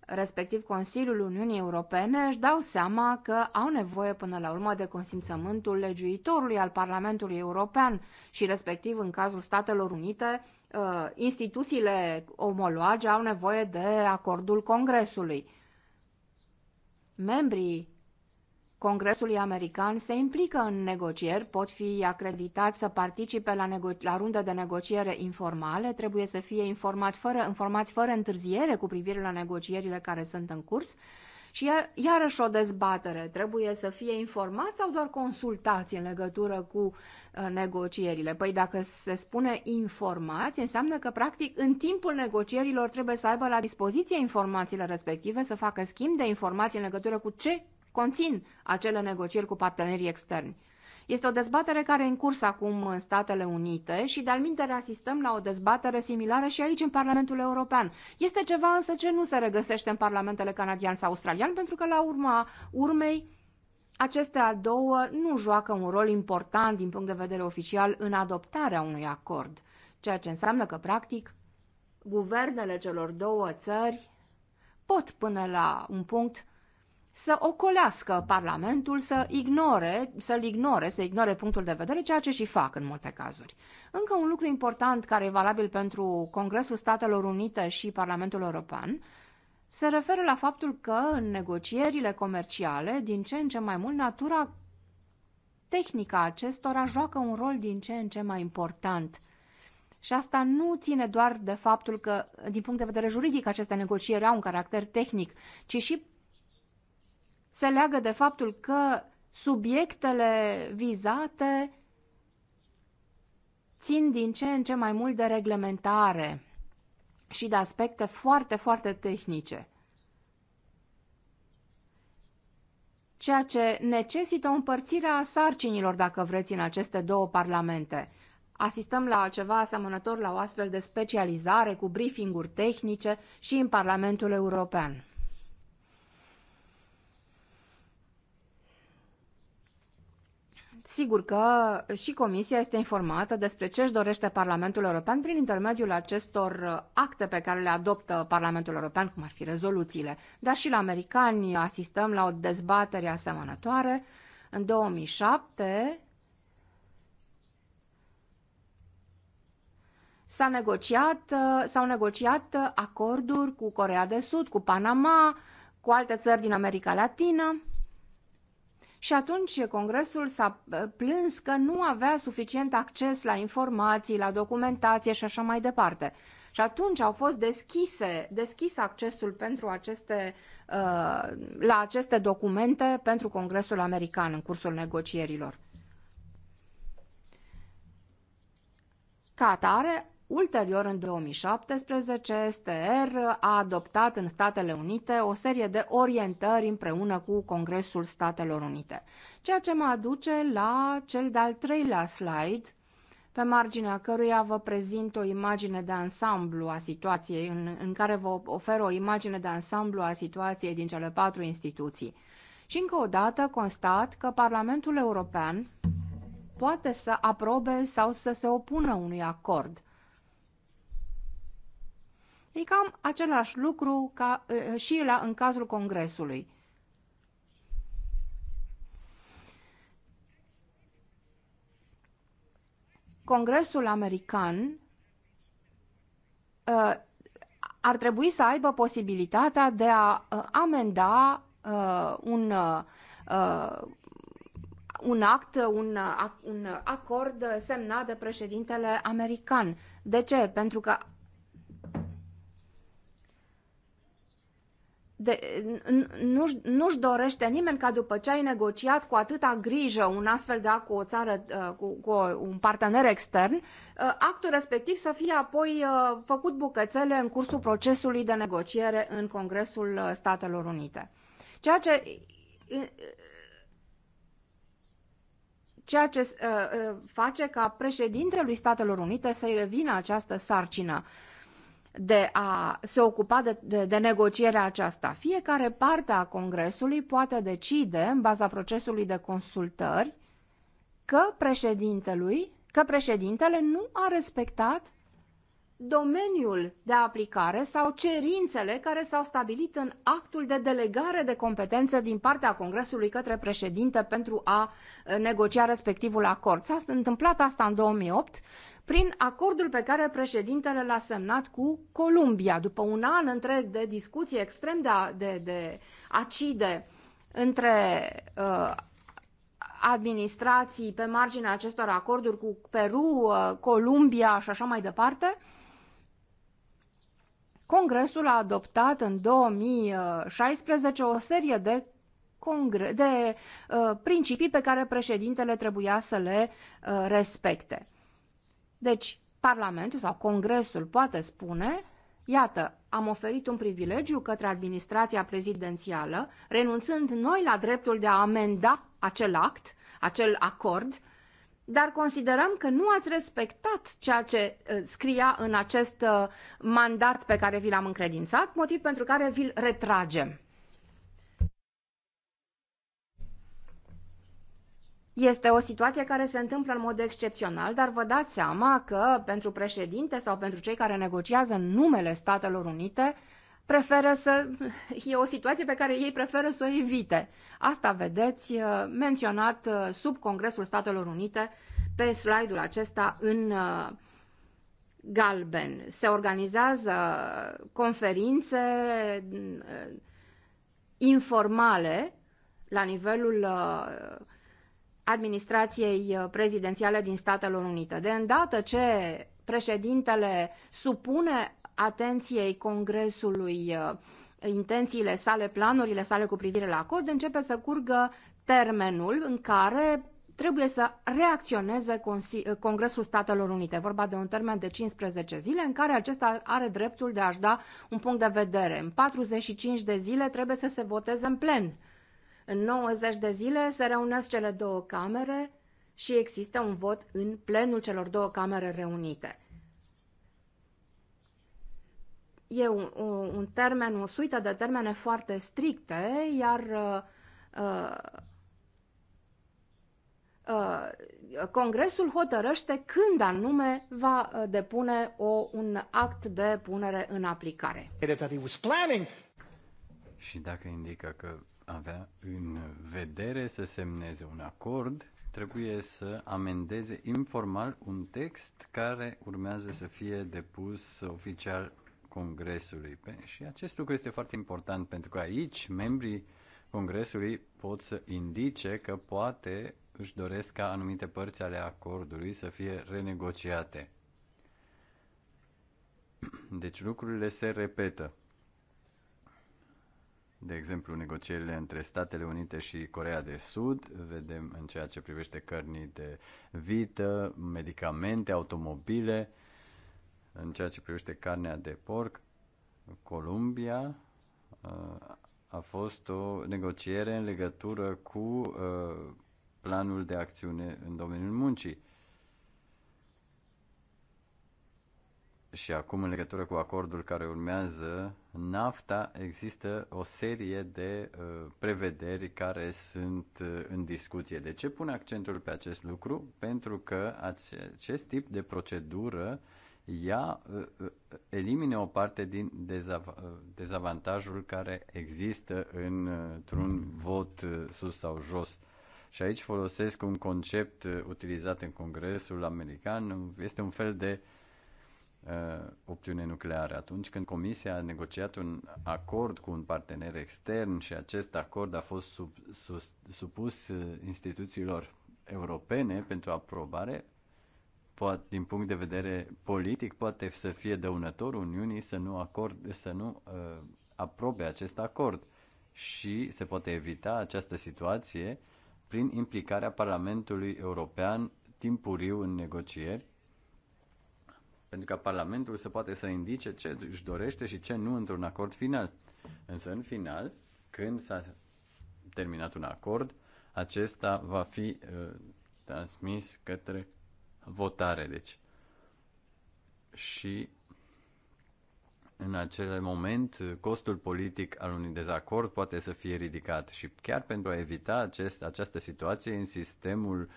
respectiv Consiliul Uniunii Europene, își dau seama că au nevoie până la urmă de consimțământul legiuitorului al Parlamentului European și respectiv în cazul Statelor Unite uh, instituțiile omoloage au nevoie de acordul Congresului. Membrii Congresului American se implică în negocieri, pot fi acreditați să participe la, la runde de negociere informale, trebuie să fie informat fără, informați fără întârziere cu privire la negocierile care sunt în curs și iarăși o dezbatere. Trebuie să fie informați sau doar consultați în legătură cu uh, negocierile? Păi dacă se spune informați, înseamnă că practic în timpul negocierilor trebuie să aibă la dispoziție informațiile respective, să facă schimb de informații în legătură cu ce conțin acele negocieri cu partenerii externi. Este o dezbatere care e în curs acum în Statele Unite și de-al asistăm la o dezbatere similară și aici în Parlamentul European. Este ceva însă ce nu se regăsește în parlamentele canadian sau australian pentru că la urma urmei acestea două nu joacă un rol important din punct de vedere oficial în adoptarea unui acord, ceea ce înseamnă că, practic, guvernele celor două țări pot până la un punct să ocolească Parlamentul, să ignore, să-l ignore, să ignore punctul de vedere, ceea ce și fac în multe cazuri. Încă un lucru important care e valabil pentru Congresul Statelor Unite și Parlamentul European se referă la faptul că în negocierile comerciale, din ce în ce mai mult, natura tehnică a acestora joacă un rol din ce în ce mai important. Și asta nu ține doar de faptul că, din punct de vedere juridic, aceste negocieri au un caracter tehnic, ci și se leagă de faptul că subiectele vizate țin din ce în ce mai mult de reglementare și de aspecte foarte, foarte tehnice. Ceea ce necesită o împărțire a sarcinilor, dacă vreți, în aceste două parlamente. Asistăm la ceva asemănător la o astfel de specializare cu briefinguri tehnice și în Parlamentul European. Sigur că și Comisia este informată despre ce își dorește Parlamentul European prin intermediul acestor acte pe care le adoptă Parlamentul European, cum ar fi rezoluțiile. Dar și la americani asistăm la o dezbatere asemănătoare. În 2007 s-a negociat, s-au negociat acorduri cu Corea de Sud, cu Panama, cu alte țări din America Latină și atunci Congresul s-a uh, plâns că nu avea suficient acces la informații, la documentație și așa mai departe. Și atunci au fost deschise, deschis accesul pentru aceste, uh, la aceste documente pentru Congresul American în cursul negocierilor. Ca atare, Ulterior, în 2017, STR a adoptat în Statele Unite o serie de orientări împreună cu Congresul Statelor Unite, ceea ce mă aduce la cel de-al treilea slide, pe marginea căruia vă prezint o imagine de ansamblu a situației, în, în care vă ofer o imagine de ansamblu a situației din cele patru instituții. Și încă o dată constat că Parlamentul European poate să aprobe sau să se opună unui acord – E cam același lucru ca și la, în cazul Congresului. Congresul american ar trebui să aibă posibilitatea de a amenda un, un act, un, un acord semnat de președintele american. De ce? Pentru că de, nu-și, nu dorește nimeni ca după ce ai negociat cu atâta grijă un astfel de act cu o țară, uh, cu, cu un partener extern, uh, actul respectiv să fie apoi uh, făcut bucățele în cursul procesului de negociere în Congresul Statelor Unite. Ceea ce ceea ce uh, face ca președintelui Statelor Unite să-i revină această sarcină. Uh, de a se ocupa de, de, de negocierea aceasta. Fiecare parte a Congresului poate decide, în baza procesului de consultări, că președintelui, că președintele nu a respectat domeniul de aplicare sau cerințele care s-au stabilit în actul de delegare de competență din partea Congresului către președinte pentru a uh, negocia respectivul acord. S-a întâmplat asta în 2008 prin acordul pe care președintele l-a semnat cu Columbia, după un an întreg de discuții extrem de, de, de acide între uh, administrații pe marginea acestor acorduri cu Peru, uh, Columbia și așa mai departe. Congresul a adoptat în 2016 o serie de, congre- de uh, principii pe care președintele trebuia să le uh, respecte. Deci, Parlamentul sau Congresul poate spune, iată, am oferit un privilegiu către administrația prezidențială, renunțând noi la dreptul de a amenda acel act, acel acord, dar considerăm că nu ați respectat ceea ce uh, scria în acest uh, mandat pe care vi l-am încredințat, motiv pentru care vi-l retragem. Este o situație care se întâmplă în mod excepțional, dar vă dați seama că pentru președinte sau pentru cei care negociază în numele Statelor Unite, preferă să... e o situație pe care ei preferă să o evite. Asta vedeți uh, menționat uh, sub Congresul Statelor Unite pe slide-ul acesta în uh, galben. Se organizează conferințe informale la nivelul administrației prezidențiale din Statele Unite. De îndată ce președintele supune atenției Congresului uh, intențiile sale, planurile sale cu privire la cod, începe să curgă termenul în care trebuie să reacționeze uh, Congresul Statelor Unite. Vorba de un termen de 15 zile în care acesta are dreptul de a-și da un punct de vedere. În 45 de zile trebuie să se voteze în plen. În 90 de zile se reunesc cele două camere și există un vot în plenul celor două camere reunite e un, un termen, o suită de termene foarte stricte, iar uh, uh, uh Congresul hotărăște când anume va uh, depune o, un act de punere în aplicare. Și dacă indică că avea în vedere să semneze un acord, trebuie să amendeze informal un text care urmează să fie depus oficial Congresului. Și acest lucru este foarte important pentru că aici membrii Congresului pot să indice că poate își doresc ca anumite părți ale acordului să fie renegociate. Deci lucrurile se repetă. De exemplu, negocierile între Statele Unite și Corea de Sud, vedem în ceea ce privește cărnii de vită, medicamente, automobile, în ceea ce privește carnea de porc, Columbia uh, a fost o negociere în legătură cu uh, planul de acțiune în domeniul muncii. Și acum, în legătură cu acordul care urmează, NAFTA, există o serie de uh, prevederi care sunt uh, în discuție. De ce pun accentul pe acest lucru? Pentru că acest tip de procedură ea ă, ă, elimine o parte din ă, dezavantajul care există într-un vot sus sau jos. Și aici folosesc un concept utilizat în Congresul American, este un fel de uh, opțiune nucleară. Atunci când Comisia a negociat un acord cu un partener extern și acest acord a fost sub, sus, supus instituțiilor europene pentru aprobare, poate, din punct de vedere politic, poate să fie dăunător Uniunii să nu, acord, să nu uh, aprobe acest acord și se poate evita această situație prin implicarea Parlamentului European timpuriu în negocieri, pentru ca Parlamentul să poate să indice ce își dorește și ce nu într-un acord final. Însă, în final, când s-a terminat un acord, acesta va fi uh, transmis către votare, deci. Și în acel moment, costul politic al unui dezacord poate să fie ridicat și chiar pentru a evita acest, această situație în sistemul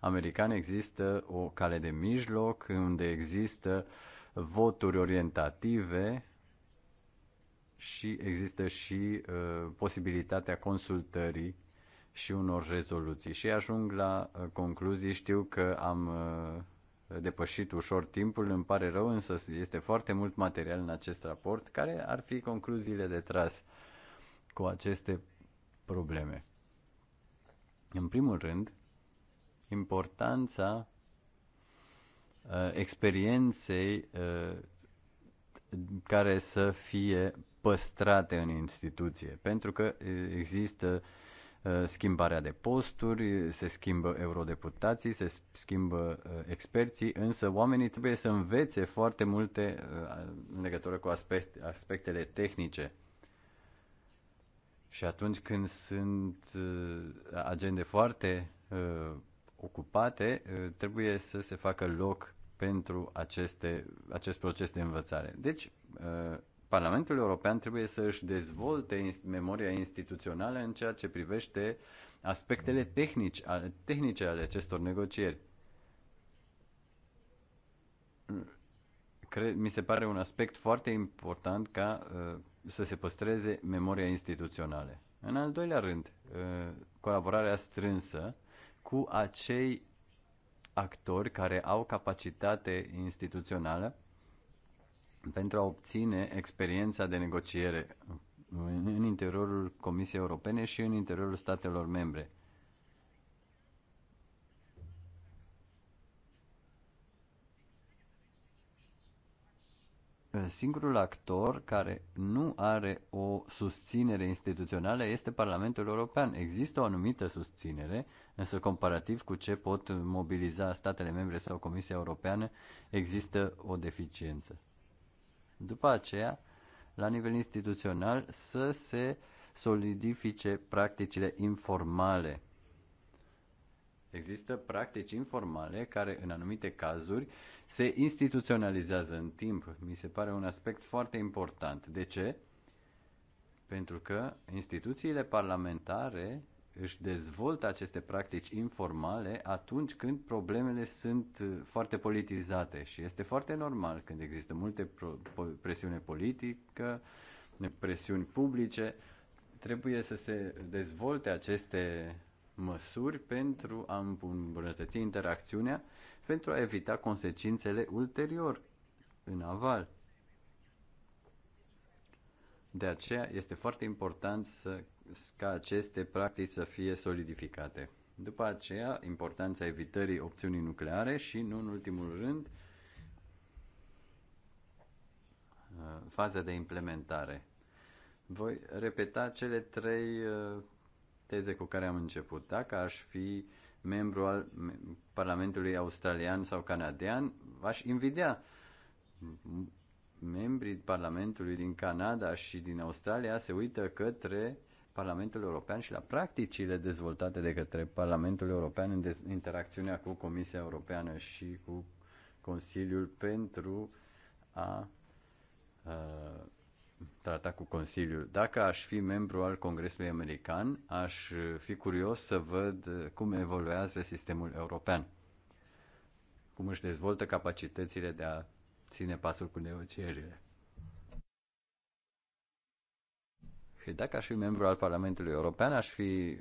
american există o cale de mijloc unde există voturi orientative și există și uh, posibilitatea consultării și unor rezoluții și ajung la uh, concluzii. Știu că am uh, depășit ușor timpul, îmi pare rău, însă este foarte mult material în acest raport care ar fi concluziile de tras cu aceste probleme. În primul rând, importanța uh, experienței uh, care să fie păstrate în instituție, pentru că uh, există uh, Eh, schimbarea de posturi, se schimbă eurodeputații, se schimbă eh, experții, însă oamenii trebuie să învețe foarte multe eh, în legătură cu aspect, aspectele tehnice. Și atunci când sunt agende foarte ocupate, trebuie să se facă loc pentru aceste, acest proces de învățare. Deci, Parlamentul European trebuie să își dezvolte memoria instituțională în ceea ce privește aspectele tehnici, tehnice ale acestor negocieri. Cred, mi se pare un aspect foarte important ca uh, să se păstreze memoria instituțională. În al doilea rând, uh, colaborarea strânsă cu acei actori care au capacitate instituțională pentru a obține experiența de negociere în interiorul Comisiei Europene și în interiorul statelor membre. Singurul actor care nu are o susținere instituțională este Parlamentul European. Există o anumită susținere, însă comparativ cu ce pot mobiliza statele membre sau Comisia Europeană, există o deficiență. După aceea, la nivel instituțional, să se solidifice practicile informale. Există practici informale care, în anumite cazuri, se instituționalizează în timp. Mi se pare un aspect foarte important. De ce? Pentru că instituțiile parlamentare își dezvoltă aceste practici informale atunci când problemele sunt uh, foarte politizate și este foarte normal când există multe presiune politică, presiuni publice, trebuie să se dezvolte aceste măsuri pentru a îmbunătăți interacțiunea, pentru a evita consecințele ulterior în aval. De aceea este foarte important să ca aceste practici să fie solidificate. După aceea, importanța evitării opțiunii nucleare și, nu în ultimul rând, uh, faza de implementare. Voi repeta cele trei uh, teze cu care am început. Dacă aș fi membru al Parlamentului australian sau canadian, aș invidia. Membrii Parlamentului din Canada și din Australia se uită către Parlamentul European și la practicile dezvoltate de către Parlamentul European în interacțiunea cu Comisia Europeană și cu Consiliul pentru a, uh, trata cu Consiliul. Dacă aș fi membru al Congresului American, aș fi curios să văd cum evoluează sistemul european, cum își dezvoltă capacitățile de a ține pasul cu negocierile. Și dacă aș fi membru al Parlamentului European, aș fi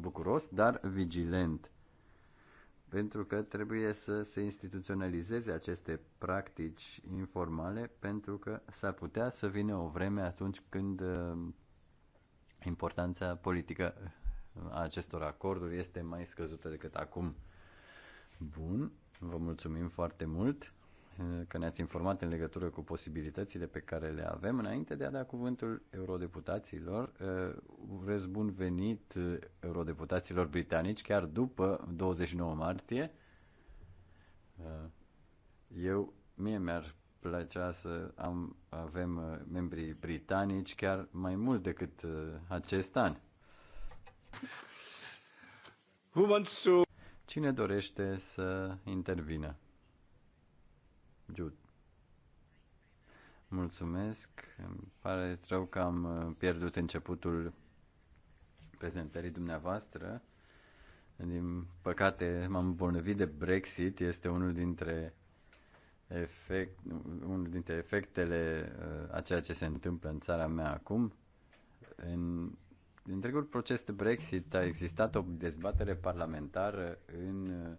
bucuros, dar vigilent. Pentru că trebuie să se instituționalizeze aceste practici informale, pentru că s-ar putea să vină o vreme atunci când uh, importanța politică uh, a acestor acorduri este mai scăzută decât acum. Bun, vă mulțumim foarte mult că ne-ați informat în legătură cu posibilitățile pe care le avem. Înainte de a da cuvântul eurodeputaților, uh, urez bun venit uh, eurodeputaților britanici, chiar după 29 martie. Uh, eu, mie mi-ar plăcea să am, avem membrii britanici chiar mai mult decât acest an. Cine dorește să intervină? Jude. Mulțumesc. Îmi pare rău că am uh, pierdut începutul prezentării dumneavoastră. Din păcate, m-am îmbolnăvit de Brexit. Este unul dintre efect, unul dintre efectele uh, a ceea ce se întâmplă în țara mea acum. În întregul proces de Brexit a existat o dezbatere parlamentară în uh,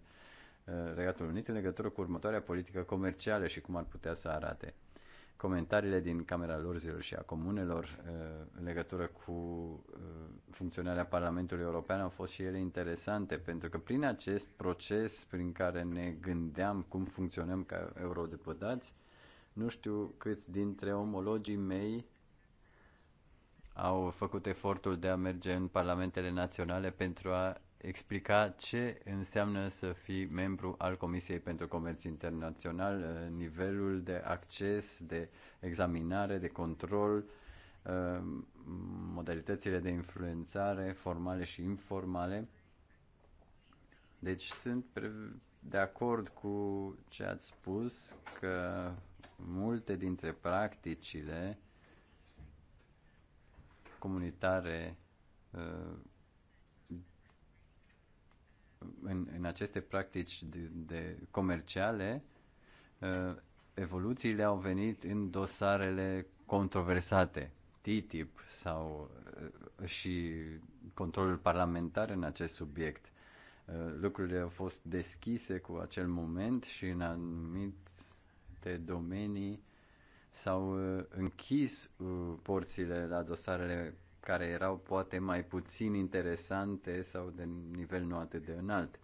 Uh, Regatul Unit în legătură cu următoarea politică comercială și cum ar putea să arate. Comentariile din Camera Lorzilor și a Comunelor uh, în legătură cu uh, funcționarea Parlamentului European au fost și ele interesante, pentru că prin acest proces prin care ne gândeam cum funcționăm ca eurodeputați, nu știu câți dintre omologii mei au făcut efortul de a merge în parlamentele naționale pentru a explica ce înseamnă să fii membru al Comisiei pentru Comerț Internațional, uh, nivelul de acces, de examinare, de control, uh, modalitățile de influențare formale și informale. Deci sunt de acord cu ce ați spus că multe dintre practicile comunitare uh, în, în aceste practici de, de comerciale, uh, evoluțiile au venit în dosarele controversate, TTIP sau uh, și controlul parlamentar în acest subiect. Uh, lucrurile au fost deschise cu acel moment și în anumite domenii s-au închis porțile la dosarele care erau poate mai puțin interesante sau de nivel nu atât de înalt.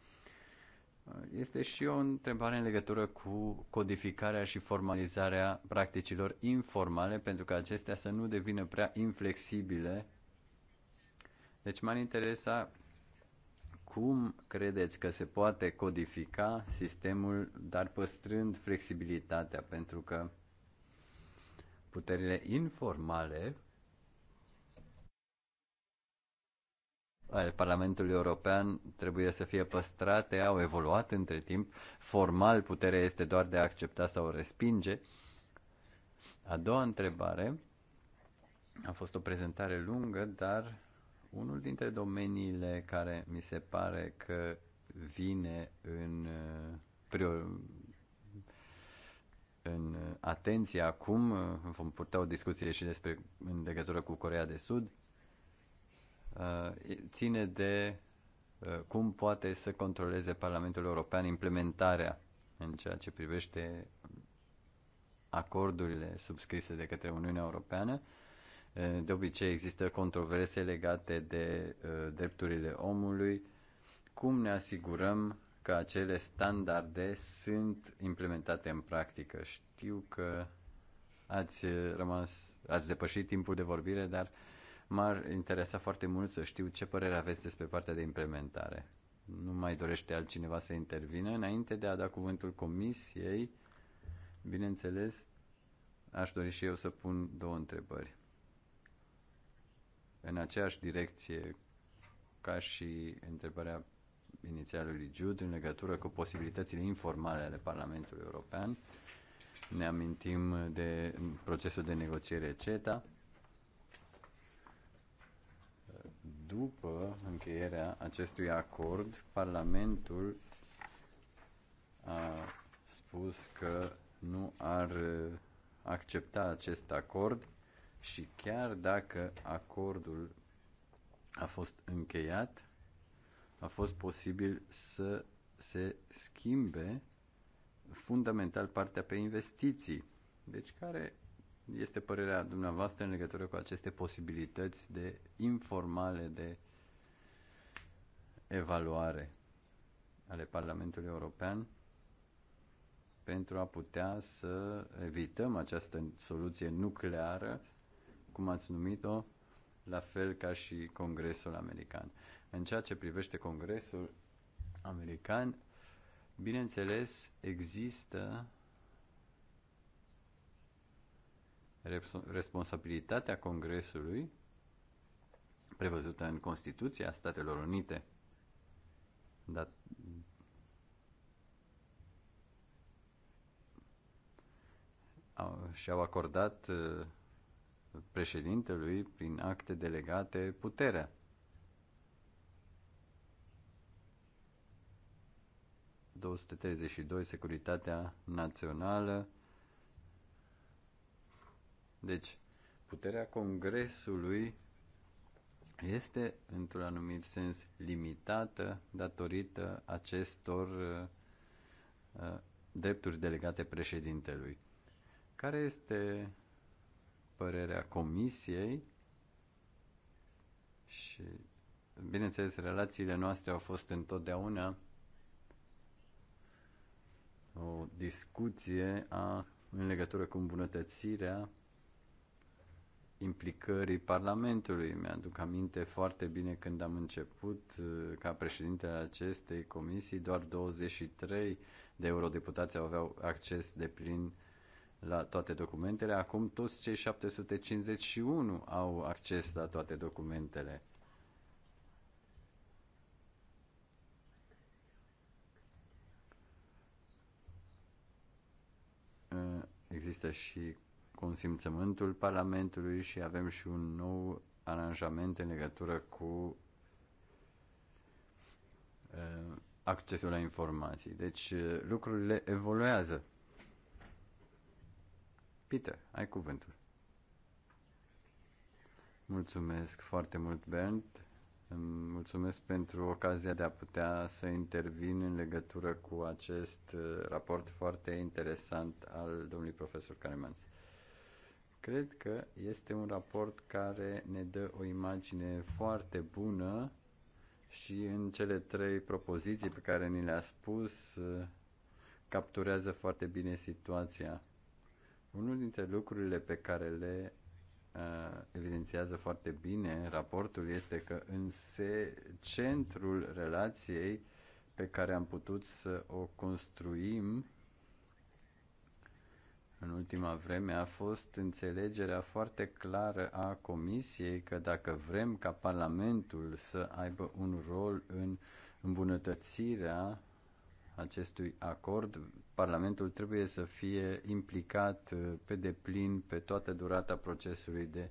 Este și o întrebare în legătură cu codificarea și formalizarea practicilor informale, pentru că acestea să nu devină prea inflexibile. Deci m-ar interesa cum credeți că se poate codifica sistemul, dar păstrând flexibilitatea, pentru că puterile informale al Parlamentului European trebuie să fie păstrate, au evoluat între timp. Formal, puterea este doar de a accepta sau respinge. A doua întrebare a fost o prezentare lungă, dar unul dintre domeniile care mi se pare că vine în, în atenție acum, vom purta o discuție și despre în legătură cu Corea de Sud, Uh, ține de uh, cum poate să controleze Parlamentul European implementarea în ceea ce privește acordurile subscrise de către Uniunea Europeană. Uh, de obicei există controverse legate de drepturile omului. Cum ne asigurăm că acele standarde sunt implementate în practică? Știu că ați rămas, ați depășit timpul de vorbire, dar uh, M-ar interesa foarte mult să știu ce părere aveți despre partea de implementare. Nu mai dorește altcineva să intervină. Înainte de a da cuvântul comisiei, bineînțeles, aș dori și eu să pun două întrebări. În aceeași direcție ca și întrebarea inițială lui Jude în legătură cu posibilitățile informale ale Parlamentului European. Ne amintim de procesul de negociere CETA după încheierea acestui acord, Parlamentul a spus că nu ar accepta acest acord și chiar dacă acordul a fost încheiat, a fost posibil să se schimbe fundamental partea pe investiții. Deci care este părerea dumneavoastră în legătură cu aceste posibilități de informale de evaluare ale Parlamentului European pentru a putea să evităm această soluție nucleară, cum ați numit-o, la fel ca și Congresul American. În ceea ce privește Congresul American, bineînțeles, există responsabilitatea Congresului prevăzută în Constituția Statelor Unite. Dar și-au acordat uh, președintelui prin acte delegate puterea. ...232, Securitatea Națională, deci, puterea Congresului este, într-un anumit sens, limitată datorită acestor uh, uh, drepturi delegate președintelui. Care este părerea Comisiei și, bineînțeles, relațiile noastre au fost întotdeauna o discuție a, în legătură cu îmbunătățirea implicării Parlamentului. Mi-aduc aminte foarte bine când am început uh, ca președintele acestei comisii, doar 23 de eurodeputați aveau acces de plin la toate documentele. Acum toți cei 751 au acces la toate documentele. Uh, există și consimțământul Parlamentului și avem și un nou aranjament în legătură cu uh, accesul la informații. Deci uh, lucrurile evoluează. Peter, ai cuvântul. Mulțumesc foarte mult, Bernd. Mulțumesc pentru ocazia de a putea să intervin în legătură cu acest uh, raport foarte interesant al domnului profesor Canemans. Cred că este un raport care ne dă o imagine foarte bună și în cele trei propoziții pe care ni le-a spus uh, capturează foarte bine situația. Unul dintre lucrurile pe care le uh, evidențiază foarte bine raportul este că în se, centrul relației pe care am putut să o construim în ultima vreme a fost înțelegerea foarte clară a Comisiei că dacă vrem ca Parlamentul să aibă un rol în îmbunătățirea acestui acord, Parlamentul trebuie să fie implicat uh, pe deplin pe toată durata procesului de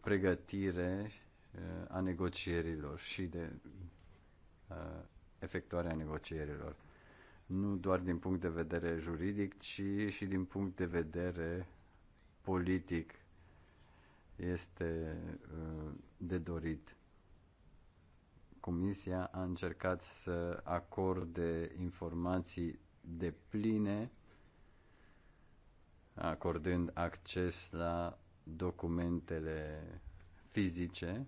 pregătire uh, a negocierilor și de uh, efectuarea negocierilor nu doar din punct de vedere juridic, ci și din punct de vedere politic este uh, de dorit. Comisia a încercat să acorde informații de pline, acordând acces la documentele fizice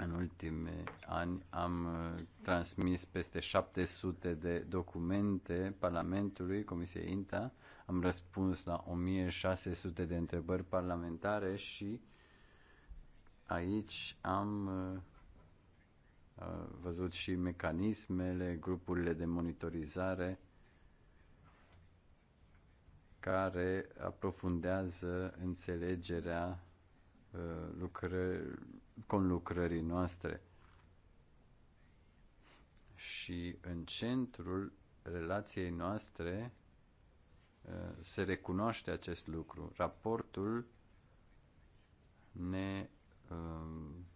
în ultimii ani am uh, transmis peste 700 de documente Parlamentului, Comisiei INTA, am răspuns la 1600 de întrebări parlamentare și aici am uh, uh, văzut și mecanismele, grupurile de monitorizare care aprofundează înțelegerea Uh, lucră, conlucrării noastre. Și în centrul relației noastre uh, se recunoaște acest lucru. Raportul ne um,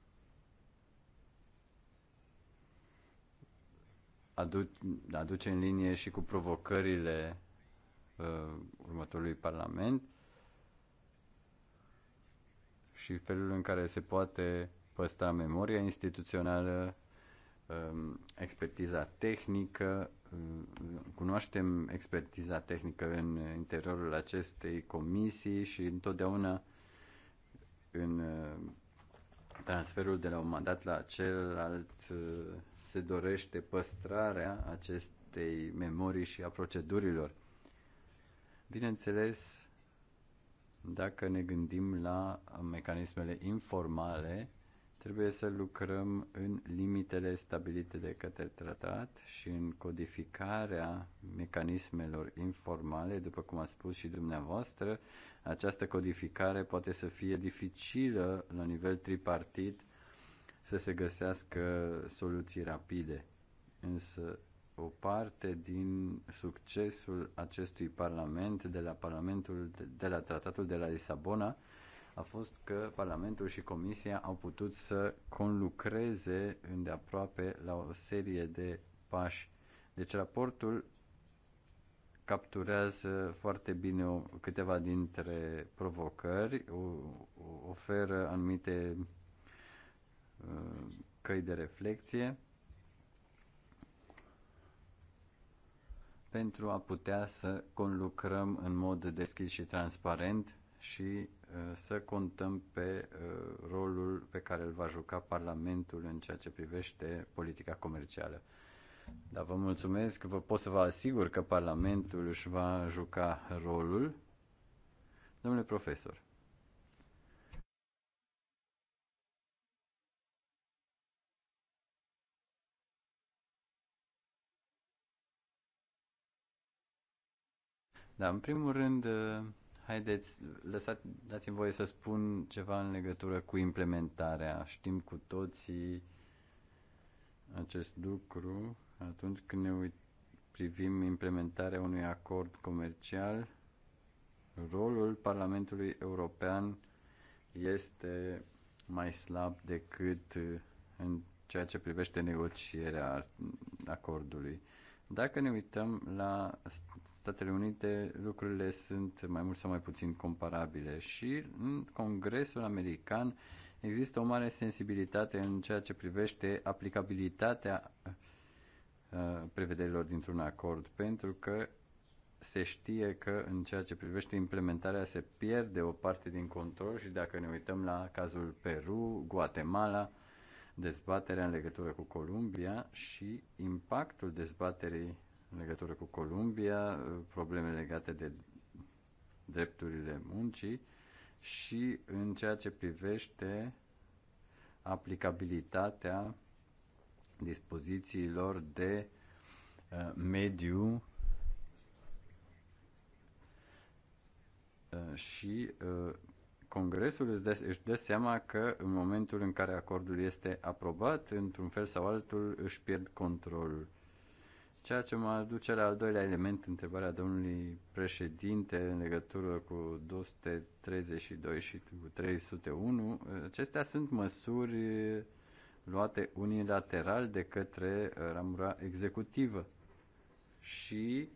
aduce în linie și cu provocările uh, următorului Parlament și felul în care se poate păstra memoria instituțională, um, expertiza tehnică. Um, cunoaștem expertiza tehnică în interiorul acestei comisii și întotdeauna în uh, transferul de la un mandat la celălalt uh, se dorește păstrarea acestei memorii și a procedurilor. Bineînțeles, dacă ne gândim la mecanismele informale, trebuie să lucrăm în limitele stabilite de către tratat și în codificarea mecanismelor informale, după cum a spus și dumneavoastră, această codificare poate să fie dificilă la nivel tripartit să se găsească soluții rapide. Însă o parte din succesul acestui Parlament de la, Parlamentul, de la Tratatul de la Lisabona a fost că Parlamentul și Comisia au putut să conlucreze îndeaproape la o serie de pași. Deci raportul capturează foarte bine o, câteva dintre provocări, oferă anumite uh, căi de reflexie pentru a putea să conlucrăm în mod deschis și transparent și uh, să contăm pe uh, rolul pe care îl va juca Parlamentul în ceea ce privește politica comercială. Dar vă mulțumesc, vă pot să vă asigur că Parlamentul își va juca rolul. Domnule profesor. Da, în primul rând, uh, haideți, lăsați, dați-mi voie să spun ceva în legătură cu implementarea. Știm cu toții acest lucru atunci când ne uit, privim implementarea unui acord comercial. Rolul Parlamentului European este mai slab decât uh, în ceea ce privește negocierea acordului. Dacă ne uităm la Statele Unite lucrurile sunt mai mult sau mai puțin comparabile și în Congresul American există o mare sensibilitate în ceea ce privește aplicabilitatea uh, prevederilor dintr-un acord, pentru că se știe că în ceea ce privește implementarea se pierde o parte din control și dacă ne uităm la cazul Peru, Guatemala, dezbaterea în legătură cu Columbia și impactul dezbaterii în legătură cu Columbia, probleme legate de drepturile muncii și în ceea ce privește aplicabilitatea dispozițiilor de uh, mediu uh, și uh, Congresul își dă, își dă seama că în momentul în care acordul este aprobat, într-un fel sau altul își pierd controlul. Ceea ce mă aduce la al doilea element, întrebarea domnului președinte în legătură cu 232 și cu 301. Acestea sunt măsuri luate unilateral de către uh, ramura executivă. Și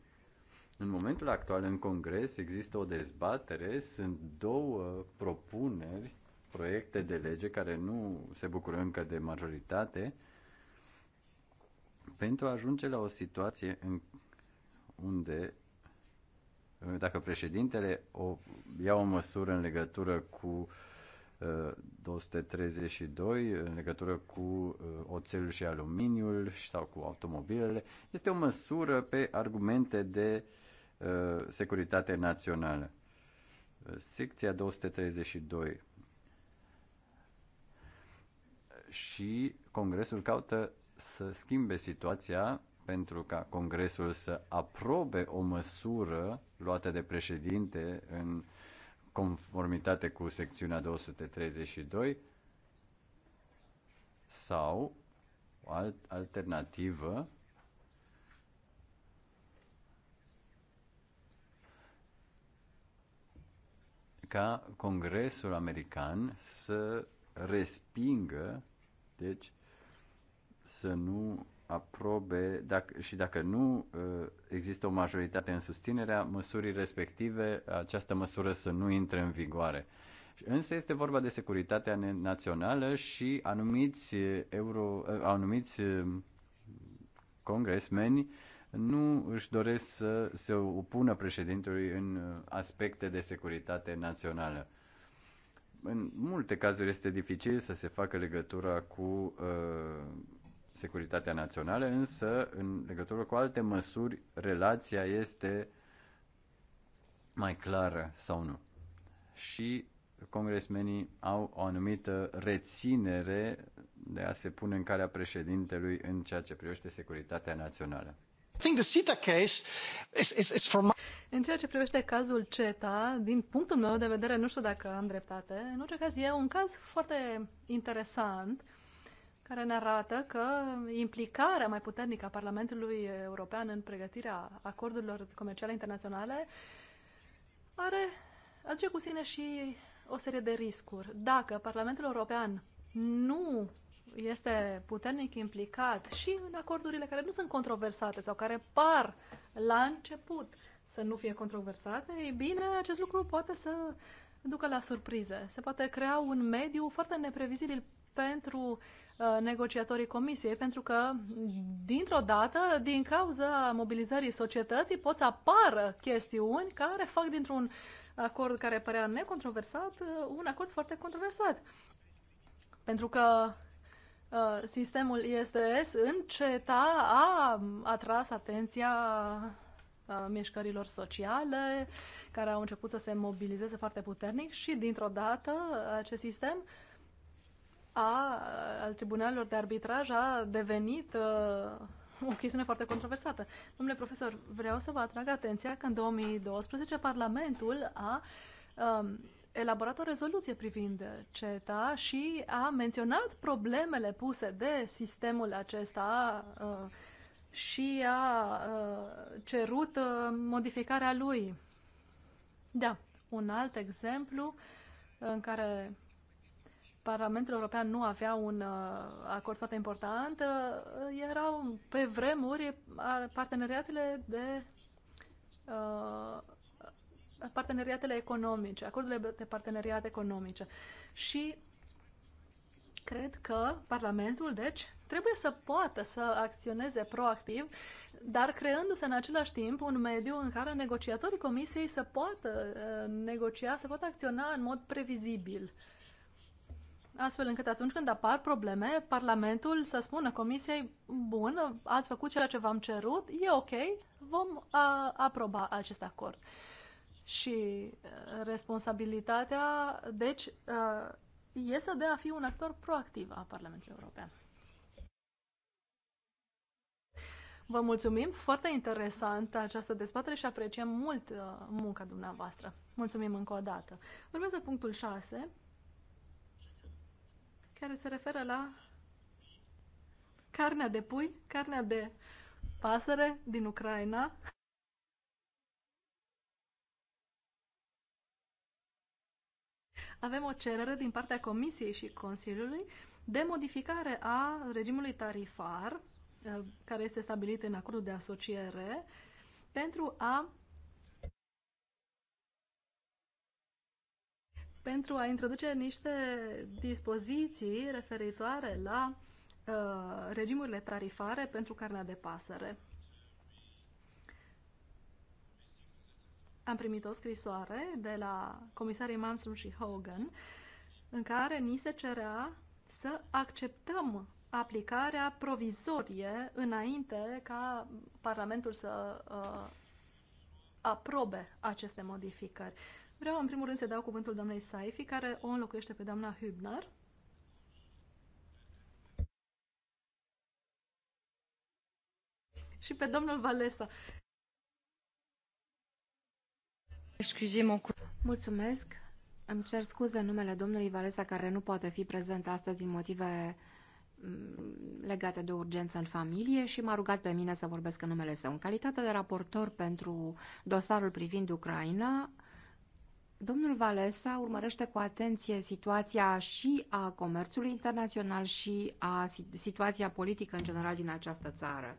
în momentul actual în Congres există o dezbatere, sunt două propuneri, proiecte de lege care nu se bucură încă de majoritate, pentru a ajunge la o situație în unde uh, dacă președintele o, ia o măsură în legătură cu uh, 232, în legătură cu uh, oțelul și aluminiul sau cu automobilele, este o măsură pe argumente de uh, securitate națională. Secția 232 și Congresul caută să schimbe situația pentru ca Congresul să aprobe o măsură luată de președinte în conformitate cu secțiunea 232 sau o alt, alternativă ca Congresul American să respingă deci să nu aprobe dacă, și dacă nu uh, există o majoritate în susținerea măsurii respective, această măsură să nu intre în vigoare. Însă este vorba de securitatea națională și anumiți, uh, euro, uh, anumiți congresmeni nu își doresc să se opună președintelui în aspecte de securitate națională. În multe cazuri este dificil să se facă legătura cu uh, securitatea națională, însă, în legătură cu alte măsuri, relația este mai clară sau nu. Și congresmenii au o anumită reținere de a se pune în calea președintelui în ceea ce privește securitatea națională. În ceea ce privește cazul CETA, din punctul meu de vedere, nu știu dacă am dreptate, în orice caz e un caz foarte interesant care ne arată că implicarea mai puternică a Parlamentului European în pregătirea acordurilor comerciale internaționale are aduce cu sine și o serie de riscuri. Dacă Parlamentul European nu este puternic implicat și în acordurile care nu sunt controversate sau care par la început să nu fie controversate, ei bine, acest lucru poate să ducă la surprize. Se poate crea un mediu foarte neprevizibil pentru uh, negociatorii comisiei, pentru că dintr-o dată, din cauza mobilizării societății, pot să apară chestiuni care fac dintr-un acord care părea necontroversat, uh, un acord foarte controversat. Pentru că uh, sistemul ISDS înceta a atras atenția mișcărilor sociale, care au început să se mobilizeze foarte puternic și, dintr-o dată, acest sistem uh, a, al tribunalelor de arbitraj a devenit uh, o chestiune foarte controversată. Domnule profesor, vreau să vă atrag atenția că în 2012 Parlamentul a um, elaborat o rezoluție privind CETA și a menționat problemele puse de sistemul acesta uh, și a uh, cerut uh, modificarea lui. Da, un alt exemplu în care Parlamentul European nu avea un uh, acord foarte important, uh, erau pe vremuri parteneriatele de uh, parteneriatele economice, acordurile de parteneriat economice. Și cred că Parlamentul, deci, trebuie să poată să acționeze proactiv, dar creându-se în același timp un mediu în care negociatorii Comisiei să poată negocia, să poată acționa în mod previzibil astfel încât atunci când apar probleme, Parlamentul să spună Comisiei, bun, ați făcut ceea ce v-am cerut, e ok, vom a, aproba acest acord. Și responsabilitatea, deci, a, este de a fi un actor proactiv a Parlamentului European. Vă mulțumim, foarte interesantă această dezbatere și apreciem mult munca dumneavoastră. Mulțumim încă o dată. Urmează punctul 6, care se referă la carnea de pui, carnea de pasăre din Ucraina. Avem o cerere din partea Comisiei și Consiliului de modificare a regimului tarifar eh, care este stabilit în acordul de asociere pentru a pentru a introduce niște dispoziții referitoare la uh, regimurile tarifare pentru carnea de pasăre. Am primit o scrisoare de la comisarii Manson și Hogan în care ni se cerea să acceptăm aplicarea provizorie înainte ca Parlamentul să uh, aprobe aceste modificări. Vreau în primul rând să dau cuvântul doamnei Saifi, care o înlocuiește pe doamna Hübner. Și pe domnul Valesa. Mulțumesc. Îmi cer scuze în numele domnului Valesa, care nu poate fi prezent astăzi din motive mm, legate de urgență în familie și m-a rugat pe mine să vorbesc în numele său. În calitate de raportor pentru dosarul privind Ucraina, Domnul Valesa urmărește cu atenție situația și a comerțului internațional și a situația politică în general din această țară.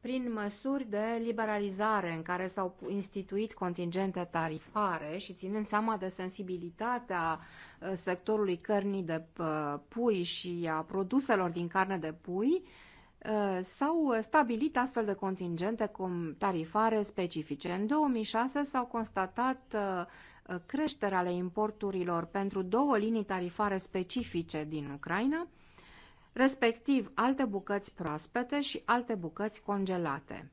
Prin măsuri de liberalizare în care s-au instituit contingente tarifare și ținând seama de sensibilitatea uh, sectorului cărnii de uh, pui și a produselor din carne de pui, Uh, s-au stabilit astfel de contingente tarifare specifice. În 2006 s-au constatat uh, uh, creșterea ale importurilor pentru două linii tarifare specifice din Ucraina, respectiv alte bucăți proaspete și alte bucăți congelate.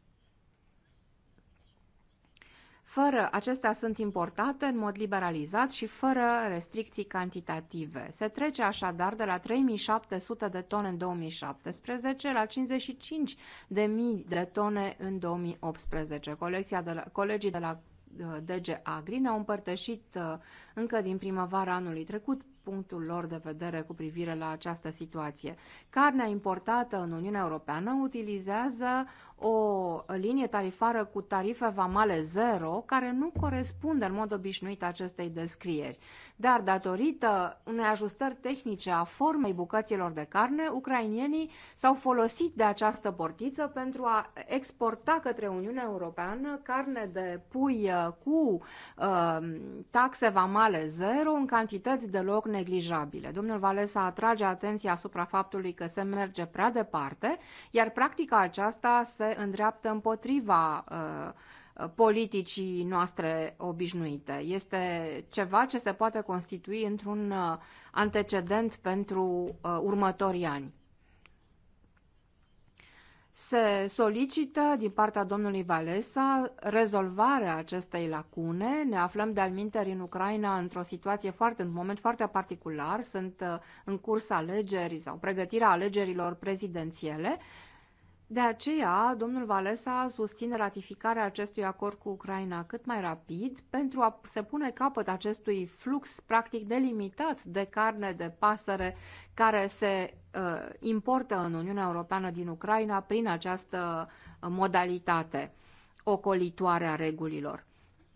Fără acestea sunt importate în mod liberalizat și fără restricții cantitative. Se trece așadar de la 3700 de tone în 2017 la 55.000 de, de tone în 2018. Colecția de la, colegii de la uh, DG Agri ne-au împărtășit uh, încă din primăvara anului trecut punctul lor de vedere cu privire la această situație. Carnea importată în Uniunea Europeană utilizează o linie tarifară cu tarife vamale zero, care nu corespunde în mod obișnuit acestei descrieri. Dar datorită unei ajustări tehnice a formei bucăților de carne, ucrainienii s-au folosit de această portiță pentru a exporta către Uniunea Europeană carne de pui uh, cu uh, taxe vamale zero în cantități deloc neglijabile. Domnul Valesa atrage atenția asupra faptului că se merge prea departe, iar practica aceasta se îndreaptă împotriva uh, politicii noastre obișnuite. Este ceva ce se poate constitui într-un uh, antecedent pentru uh, următorii ani. Se solicită din partea domnului Valesa rezolvarea acestei lacune. Ne aflăm de-al în Ucraina într-o situație foarte, în moment foarte particular. Sunt uh, în curs alegeri sau pregătirea alegerilor prezidențiale de aceea, domnul Valesa susține ratificarea acestui acord cu Ucraina cât mai rapid pentru a se pune capăt acestui flux practic delimitat de carne de pasăre care se uh, importă în Uniunea Europeană din Ucraina prin această modalitate ocolitoare a regulilor.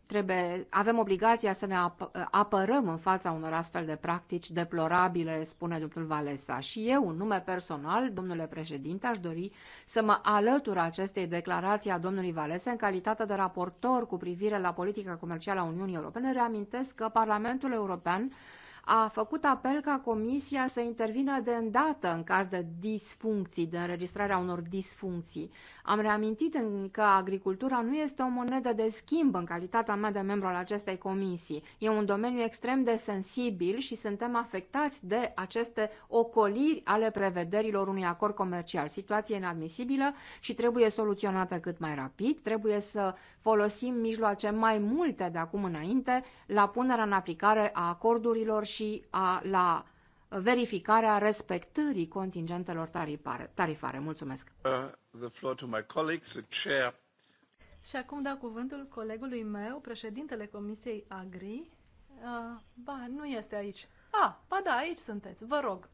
Trebuie, avem obligația să ne ap- apărăm în fața unor astfel de practici deplorabile, spune domnul Valesa. Și eu, în nume personal, domnule președinte, aș dori să mă alătur acestei declarații a domnului Valesa în calitate de raportor cu privire la politica comercială a Uniunii Europene. Reamintesc că Parlamentul European a făcut apel ca Comisia să intervină de îndată în caz de disfuncții, de înregistrarea unor disfuncții. Am reamintit că agricultura nu este o monedă de schimb în calitatea mea de membru al acestei comisii. E un domeniu extrem de sensibil și suntem afectați de aceste ocoliri ale prevederilor unui acord comercial. Situație inadmisibilă și trebuie soluționată cât mai rapid. Trebuie să folosim mijloace mai multe de acum înainte la punerea în aplicare a acordurilor și a, la verificarea respectării contingentelor tarifare. tarifare. Mulțumesc! Uh, the floor to my colleagues, the chair. Și acum dau cuvântul colegului meu, președintele Comisiei Agri. Uh, ba, nu este aici. Ah, ba da, aici sunteți. Vă rog.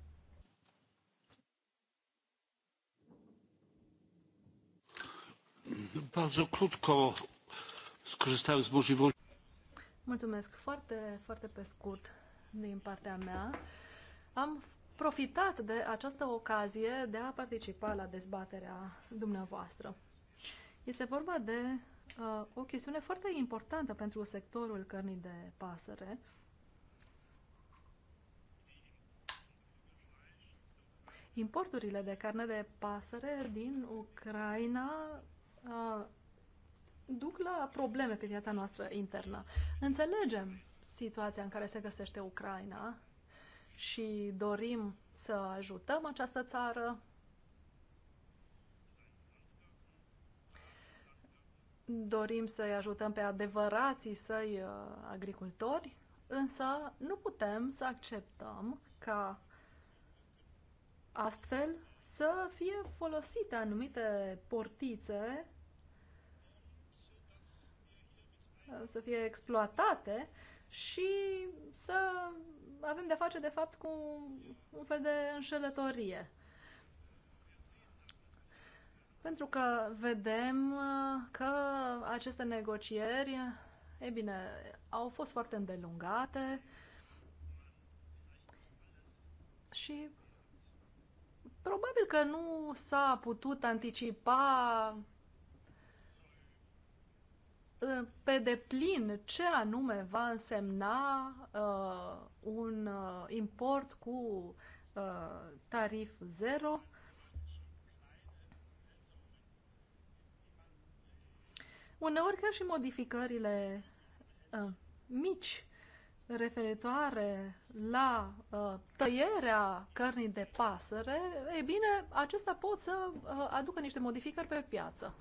Bardzo krótko skorzystały z możliwości. Mulțumesc foarte, foarte pe scurt din partea mea. Am profitat de această ocazie de a participa la dezbaterea dumneavoastră. Este vorba de uh, o chestiune foarte importantă pentru sectorul cărnii de pasăre. Importurile de carne de pasăre din Ucraina uh, duc la probleme pe viața noastră internă. Înțelegem situația în care se găsește Ucraina și dorim să ajutăm această țară. Dorim să-i ajutăm pe adevărații săi uh, agricultori, însă nu putem să acceptăm ca astfel să fie folosite anumite portițe să fie exploatate și să avem de face, de fapt, cu un fel de înșelătorie. Pentru că vedem uh, că aceste negocieri, e bine, au fost foarte îndelungate și probabil că nu s-a putut anticipa pe deplin ce anume va însemna uh, un uh, import cu uh, tarif zero. Uneori chiar și modificările uh, mici referitoare la uh, tăierea cărnii de pasăre, e bine, acestea pot să uh, aducă niște modificări pe piață.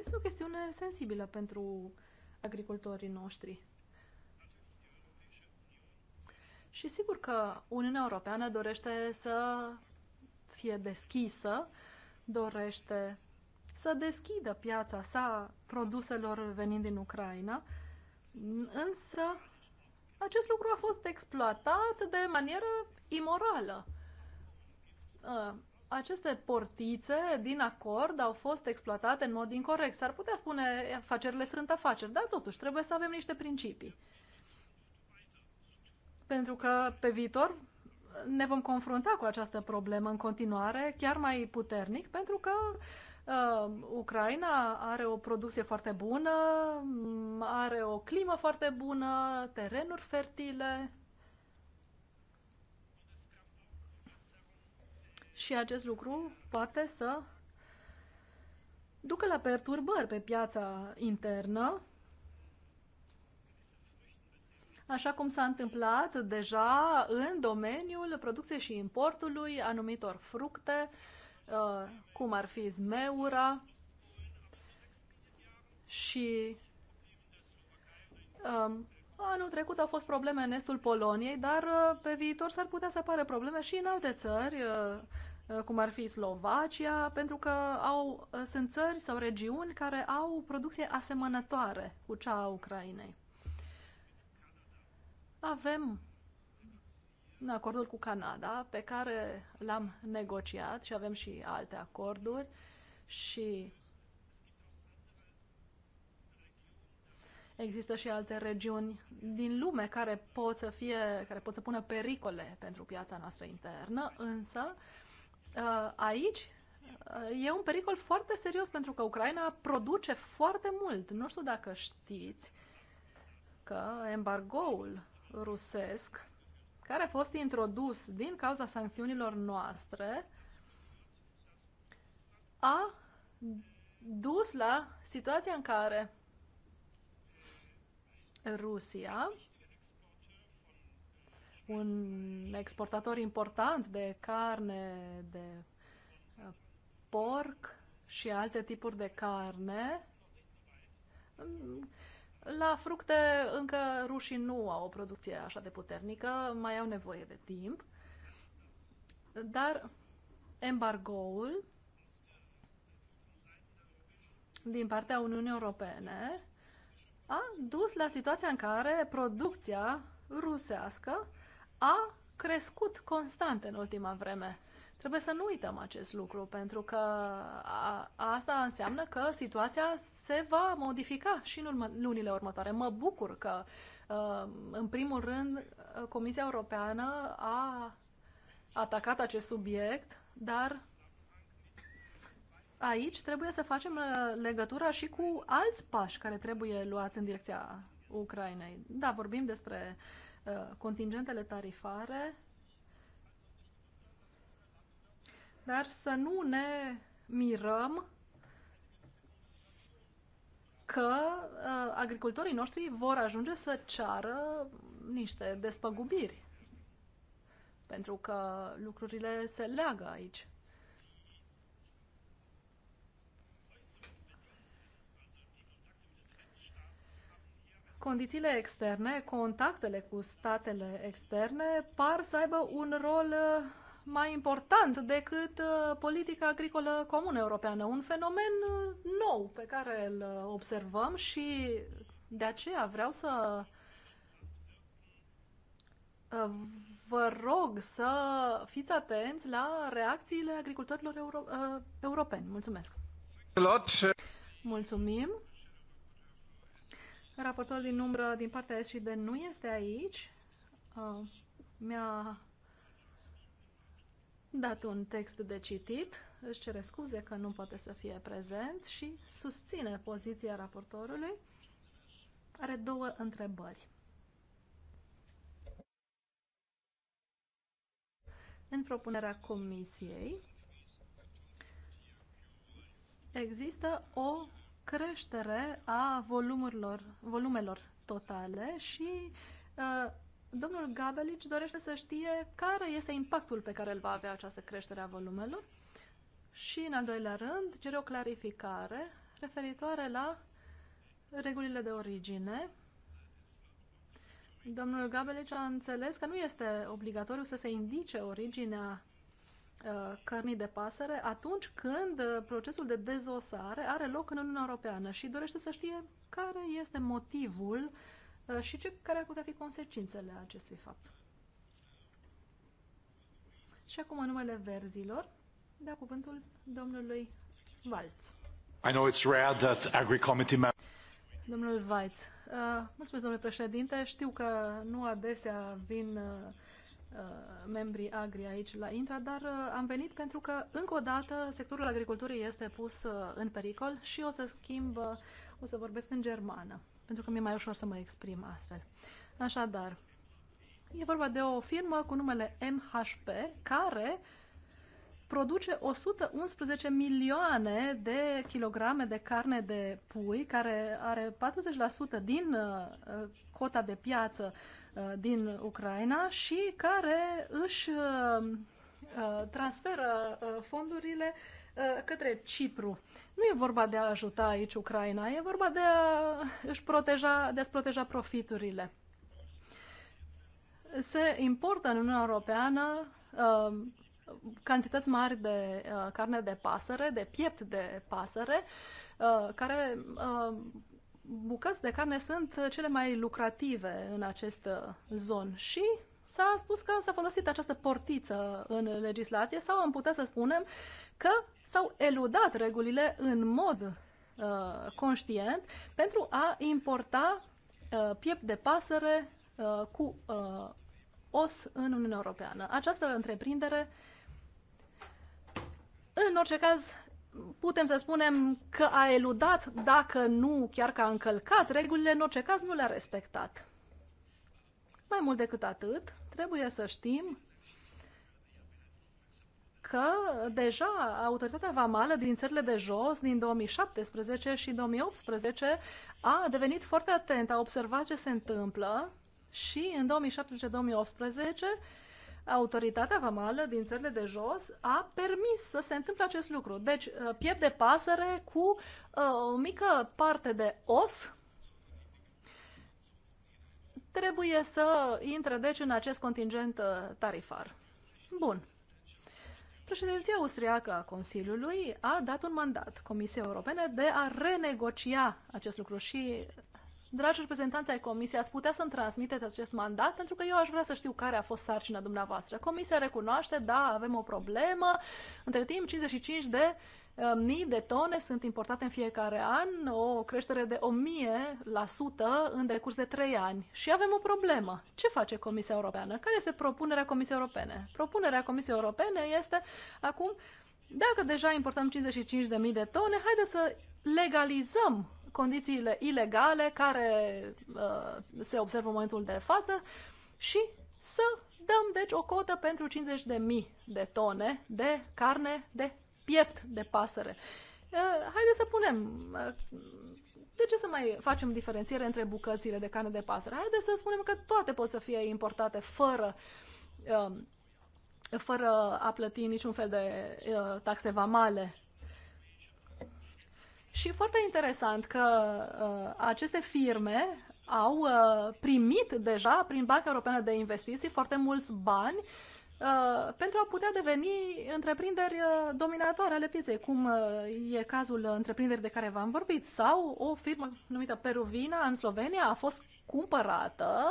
Este o chestiune sensibilă pentru agricultorii noștri. Și sigur că Uniunea Europeană dorește să fie deschisă, dorește să deschidă piața sa produselor venind din Ucraina, însă acest lucru a fost exploatat de manieră imorală. Uh, aceste portițe din acord au fost exploatate în mod incorrect. S-ar putea spune afacerile sunt afaceri, dar totuși trebuie să avem niște principii. Pentru că pe viitor ne vom confrunta cu această problemă în continuare, chiar mai puternic, pentru că uh, Ucraina are o producție foarte bună, are o climă foarte bună, terenuri fertile, Și acest lucru poate să ducă la perturbări pe piața internă, așa cum s-a întâmplat deja în domeniul producției și importului anumitor fructe, uh, cum ar fi zmeura și um, anul trecut au fost probleme în estul Poloniei, dar uh, pe viitor s-ar putea să apară probleme și în alte țări, uh, Uh, cum ar fi Slovacia, pentru că au, uh, sunt țări sau regiuni care au producție asemănătoare cu cea a Ucrainei. Avem acordul cu Canada, pe care l-am negociat și avem și alte acorduri și există și alte regiuni din lume care pot să fie, care pot să pună pericole pentru piața noastră internă, însă uh, Uh, aici uh, e un pericol foarte serios pentru că Ucraina produce foarte mult. Nu știu dacă știți că embargoul rusesc, care a fost introdus din cauza sancțiunilor noastre, a dus la situația în care Rusia un exportator important de carne, de uh, porc și alte tipuri de carne. Mm, la fructe încă rușii nu au o producție așa de puternică, mai au nevoie de timp. Dar embargoul din partea Uniunii Europene a dus la situația în care producția rusească a crescut constant în ultima vreme. Trebuie să nu uităm acest lucru, pentru că a, asta înseamnă că situația se va modifica și în urmă, lunile următoare. Mă bucur că, ă, în primul rând, Comisia Europeană a atacat acest subiect, dar aici trebuie să facem ă, legătura și cu alți pași care trebuie luați în direcția Ucrainei. Da, vorbim despre uh, Uh, contingentele tarifare, dar să nu ne mirăm că uh, agricultorii noștri vor ajunge să ceară niște despăgubiri. Pentru că lucrurile se leagă aici. condițiile externe, contactele cu statele externe par să aibă un rol uh, mai important decât uh, politica agricolă comună europeană, un fenomen uh, nou pe care îl observăm și de aceea vreau să vă rog să fiți atenți la reacțiile agricultorilor euro- europeni. Mulțumesc! Mulțumim! Raportorul din umbră din partea de nu este aici. Uh, Mi-a dat un text de citit, își cere scuze că nu poate să fie prezent și susține poziția raportorului. Are două întrebări. În propunerea comisiei există o creștere a volumurilor, volumelor totale și uh, domnul Gabelici dorește să știe care este impactul pe care îl va avea această creștere a volumelor și, în al doilea rând, cere o clarificare referitoare la regulile de origine. Domnul Gabelici a înțeles că nu este obligatoriu să se indice originea Uh, cărnii de pasăre atunci când uh, procesul de dezosare are loc în Uniunea Europeană și dorește să știe care este motivul uh, și ce, care ar putea fi consecințele acestui fapt. Și acum în numele verzilor, da cuvântul domnului Valț. I know it's rare that Agri Committee Domnul Valț, uh, mulțumesc, domnule președinte. Știu că nu adesea vin uh, Uh, membrii agri aici la Intra, dar uh, am venit pentru că, încă o dată, sectorul agriculturii este pus uh, în pericol și o să schimb, o să vorbesc în germană, pentru că mi-e mai ușor să mă exprim astfel. Așadar, e vorba de o firmă cu numele MHP, care produce 111 milioane de kilograme de carne de pui, care are 40% din cota de piață uh, Uh, din Ucraina și care își uh, uh, transferă fondurile către Cipru. Nu e vorba de a ajuta aici Ucraina, e vorba de a își proteja, de a proteja profiturile. Se importă în Uniunea Europeană cantități mari de carne de pasăre, de piept de pasăre, care bucăți de carne sunt cele mai lucrative în acest uh, zon și s-a spus că s-a folosit această portiță în legislație sau am putea să spunem că s-au eludat regulile în mod uh, conștient pentru a importa uh, piept de pasăre uh, cu uh, os în Uniunea Europeană. Această întreprindere, în orice caz, putem să spunem că a eludat, dacă nu chiar că a încălcat regulile, în orice caz nu le-a respectat. Mai mult decât atât, trebuie să știm că deja autoritatea vamală din țările de jos, din 2017 și 2018, a devenit foarte atentă, a observat ce se întâmplă și în 2017-2018 autoritatea vamală din țările de jos a permis să se întâmple acest lucru. Deci, uh, piept de pasăre cu uh, o mică parte de os trebuie să intre, deci, în acest contingent uh, tarifar. Bun. Președinția austriacă a Consiliului a dat un mandat Comisiei Europene de a renegocia acest lucru și Dragi reprezentanți ai Comisiei, ați putea să-mi transmiteți acest mandat pentru că eu aș vrea să știu care a fost sarcina dumneavoastră. Comisia recunoaște, da, avem o problemă. Între timp, 55 de um, mii de tone sunt importate în fiecare an, o creștere de 1000% în decurs de 3 ani. Și avem o problemă. Ce face Comisia Europeană? Care este propunerea Comisiei Europene? Propunerea Comisiei Europene este acum, dacă deja importăm mii de tone, haideți să legalizăm condițiile ilegale care uh, se observă în momentul de față și să dăm, deci, o cotă pentru 50.000 de tone de carne de piept de pasăre. Uh, Haideți să punem uh, de ce să mai facem diferențiere între bucățile de carne de pasăre? Haideți să spunem că toate pot să fie importate fără, um, fără a plăti niciun fel de uh, taxe vamale. Și foarte interesant că uh, aceste firme au uh, primit deja prin Banca Europeană de Investiții foarte mulți bani uh, pentru a putea deveni întreprinderi uh, dominatoare ale pieței, cum uh, e cazul întreprinderii de care v-am vorbit, sau o firmă numită Peruvina în Slovenia a fost cumpărată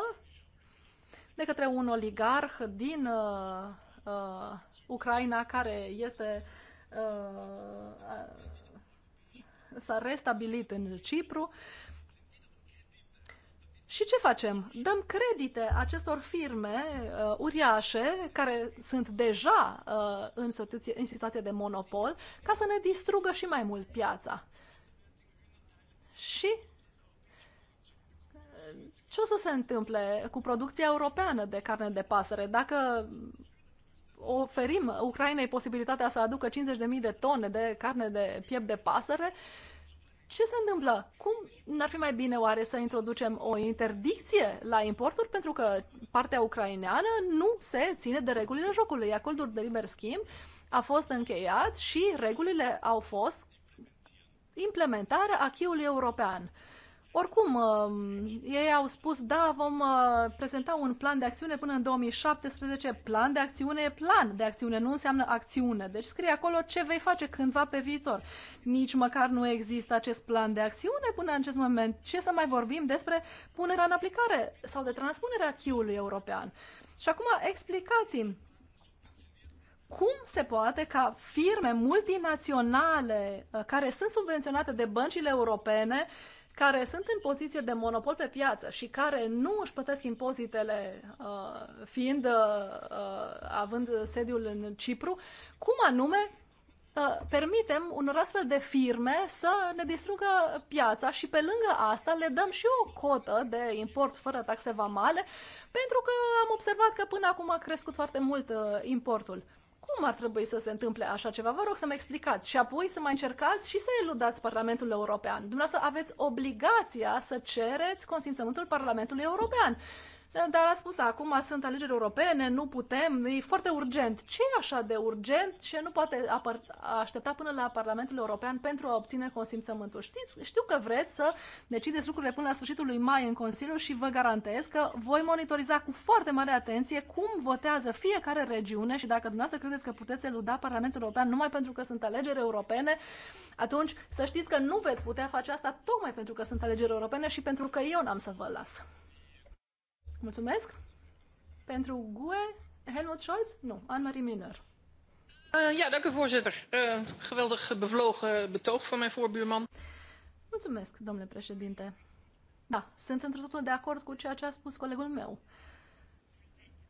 de către un oligarh din uh, uh, Ucraina care este uh, s-a restabilit în Cipru. Și ce facem? Dăm credite acestor firme uh, uriașe care sunt deja uh, în, situație, în situație de monopol ca să ne distrugă și mai mult piața. Și uh, ce o să se întâmple cu producția europeană de carne de pasăre? Dacă oferim Ucrainei posibilitatea să aducă 50.000 de tone de carne de piept de pasăre, uh, ce se întâmplă? Cum n-ar fi mai bine oare să introducem o interdicție la importuri pentru că partea ucraineană nu se ține de regulile jocului. Acordul de liber schimb a fost încheiat și regulile au fost implementarea achiului european. Oricum, uh, ei au spus, da, vom uh, prezenta un plan de acțiune până în 2017. Plan de acțiune e plan de acțiune, nu înseamnă acțiune. Deci scrie acolo ce vei face cândva pe viitor. Nici măcar nu există acest plan de acțiune până în acest moment. Ce să mai vorbim despre punerea în aplicare sau de transpunerea Q-ului european? Și acum explicați-mi cum se poate ca firme multinaționale uh, care sunt subvenționate de băncile europene care sunt în poziție de monopol pe piață și care nu își plătesc impozitele uh, fiind uh, uh având sediul în Cipru, cum anume uh, permitem unor astfel de firme să ne distrugă piața și pe lângă asta le dăm și o cotă de import fără taxe vamale, pentru că am observat că până acum a crescut foarte mult uh, importul. Cum ar trebui să se întâmple așa ceva? Vă rog să mă explicați și apoi să mai încercați și să eludați Parlamentul European. Dumneavoastră aveți obligația să cereți consimțământul Parlamentului European. Da, dar a spus acum sunt alegeri europene, nu putem, e foarte urgent. ce e așa de urgent și nu poate aștepta până la Parlamentul European pentru a obține consimțământul? Știți, știu că vreți să decideți lucrurile până la sfârșitul lui mai în Consiliu și vă garantez că voi monitoriza cu foarte mare atenție cum votează fiecare regiune și dacă dumneavoastră credeți că puteți eluda Parlamentul European numai pentru că sunt alegeri europene, atunci să știți că nu veți putea face asta tocmai pentru că sunt alegeri europene și pentru că eu n-am să vă las. Mulțumesc. Pentru GUE, Helmut Scholz? Nu, Anne-Marie Miner. Uh, eh, ja, dank u voorzitter. Uh, geweldig bevlogen betoog van mijn voorbuurman. Mulțumesc, domnule președinte. Da, sunt într totul de acord cu ceea ce a spus colegul meu.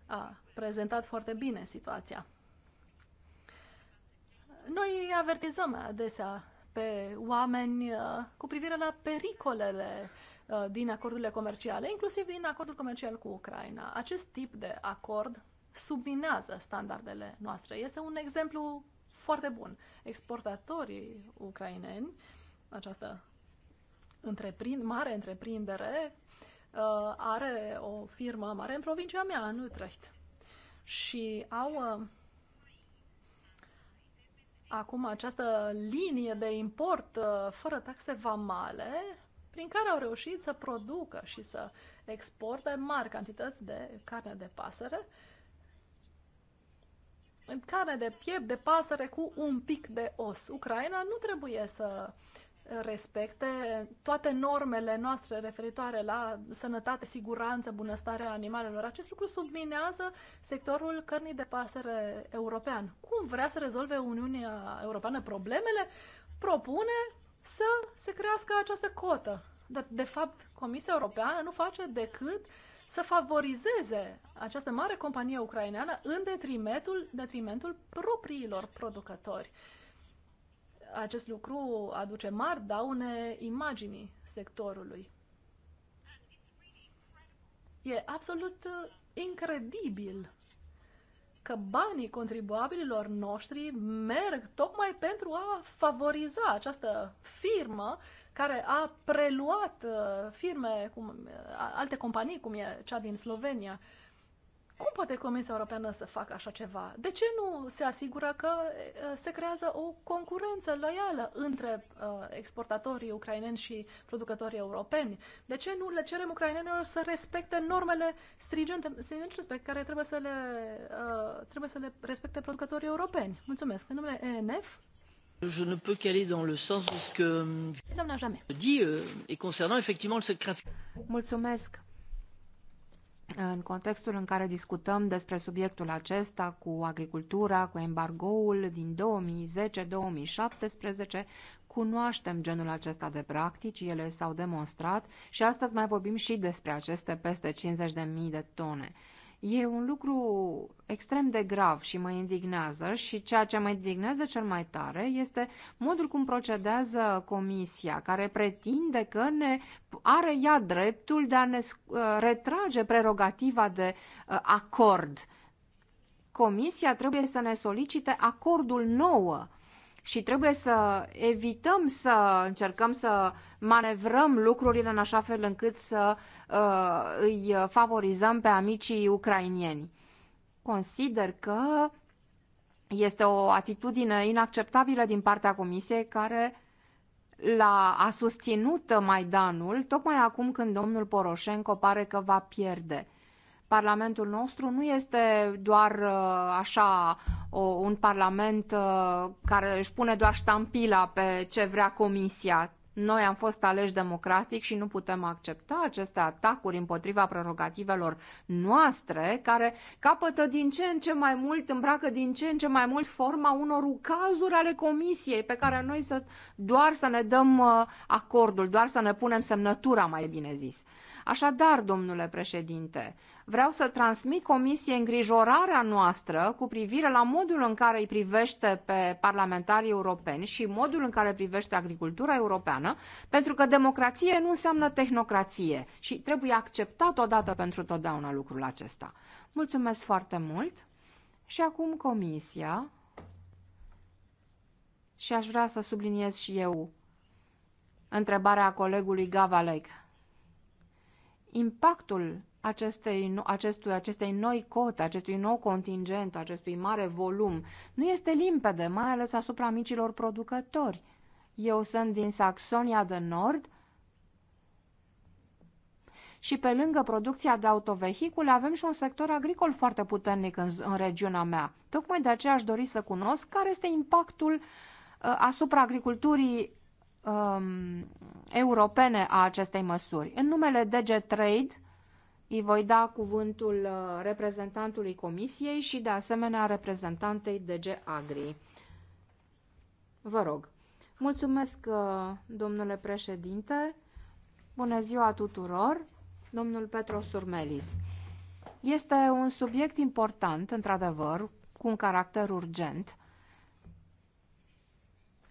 A prezentat foarte bine situația. Noi avertizăm adesea pe oameni uh, cu privire la pericolele Uh, din acordurile comerciale, inclusiv din acordul comercial cu Ucraina. Acest tip de acord subminează standardele noastre. Este un exemplu foarte bun. Exportatorii ucraineni, această întreprind, mare întreprindere, uh, are o firmă mare în provincia mea, în Utrecht. Și au uh, acum această linie de import fără taxe vamale prin care au reușit să producă și să exporte mari cantități de carne de pasăre, carne de piept de pasăre cu un pic de os. Ucraina nu trebuie să respecte toate normele noastre referitoare la sănătate, siguranță, bunăstarea animalelor. Acest lucru subminează sectorul cărnii de pasăre european. Cum vrea să rezolve Uniunea Europeană problemele? Propune să se crească această cotă dar, de fapt, Comisia Europeană nu face decât să favorizeze această mare companie ucraineană în detrimentul, detrimentul propriilor producători. Acest lucru aduce mari daune imaginii sectorului. E absolut uh, incredibil că banii contribuabililor noștri merg tocmai pentru a favoriza această firmă care a preluat uh, firme, cum, uh, alte companii, cum e cea din Slovenia. Cum poate Comisia Europeană să facă așa ceva? De ce nu se asigură că uh, se creează o concurență loială între exportatorii ucraineni și producătorii europeni? De ce nu le cerem ucrainenilor să respecte normele strigente, strigente pe care trebuie să, le, trebuie să le respecte producătorii europeni? Mulțumesc. În numele ENF, Je ne peux qu'aller dans le sens de ce que Doamna Jame. dit euh, et concernant effectivement le secret. Mulțumesc. În contextul în care discutăm despre subiectul acesta cu agricultura, cu embargoul din 2010-2017, cunoaștem genul acesta de practici, ele s-au demonstrat și astăzi mai vorbim și despre aceste peste 50.000 de tone. E un lucru extrem de grav și mă indignează și ceea ce mă indignează cel mai tare este modul cum procedează comisia, care pretinde că ne are ea dreptul de a ne uh, retrage prerogativa de uh, acord. Comisia trebuie să ne solicite acordul nouă și trebuie să evităm să încercăm să manevrăm lucrurile în așa fel încât să uh, îi favorizăm pe amicii ucrainieni. Consider că este o atitudine inacceptabilă din partea Comisiei care la a susținut Maidanul tocmai acum când domnul Poroșenco pare că va pierde. Parlamentul nostru nu este doar uh, așa o, un parlament uh, care își pune doar ștampila pe ce vrea comisia. Noi am fost aleși democratic și nu putem accepta aceste atacuri împotriva prerogativelor noastre, care capătă din ce în ce mai mult, îmbracă din ce în ce mai mult forma unor cazuri ale comisiei, pe care noi să, doar să ne dăm uh, acordul, doar să ne punem semnătura, mai bine zis. Așadar, domnule președinte, vreau să transmit Comisiei îngrijorarea noastră cu privire la modul în care îi privește pe parlamentarii europeni și modul în care privește agricultura europeană, pentru că democrație nu înseamnă tehnocrație și trebuie acceptat odată pentru totdeauna lucrul acesta. Mulțumesc foarte mult și acum Comisia și aș vrea să subliniez și eu întrebarea colegului Gavalec impactul acestei, acestui, acestei noi cote, acestui nou contingent, acestui mare volum, nu este limpede, mai ales asupra micilor producători. Eu sunt din Saxonia de Nord și pe lângă producția de autovehicule avem și un sector agricol foarte puternic în, în regiunea mea. Tocmai de aceea aș dori să cunosc care este impactul uh, asupra agriculturii um, europene a acestei măsuri. În numele DG Trade îi voi da cuvântul uh, reprezentantului Comisiei și de asemenea reprezentantei DG Agri. Vă rog. Mulțumesc, uh, domnule președinte. Bună ziua tuturor. Domnul Petro Surmelis. Este un subiect important, într-adevăr, cu un caracter urgent,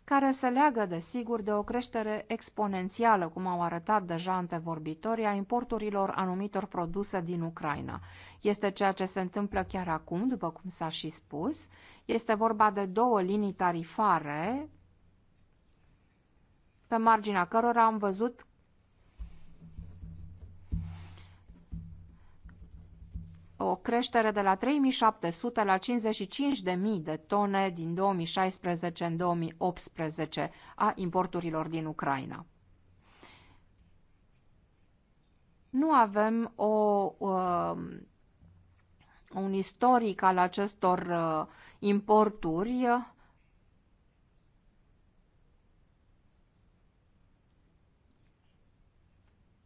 care se leagă, desigur, de o creștere exponențială, cum au arătat deja antevorbitorii, a importurilor anumitor produse din Ucraina. Este ceea ce se întâmplă chiar acum, după cum s-a și spus. Este vorba de două linii tarifare, pe marginea cărora am văzut o creștere de la 3700 la 55.000 de tone din 2016 în 2018 a importurilor din Ucraina. Nu avem o, uh, un istoric al acestor uh, importuri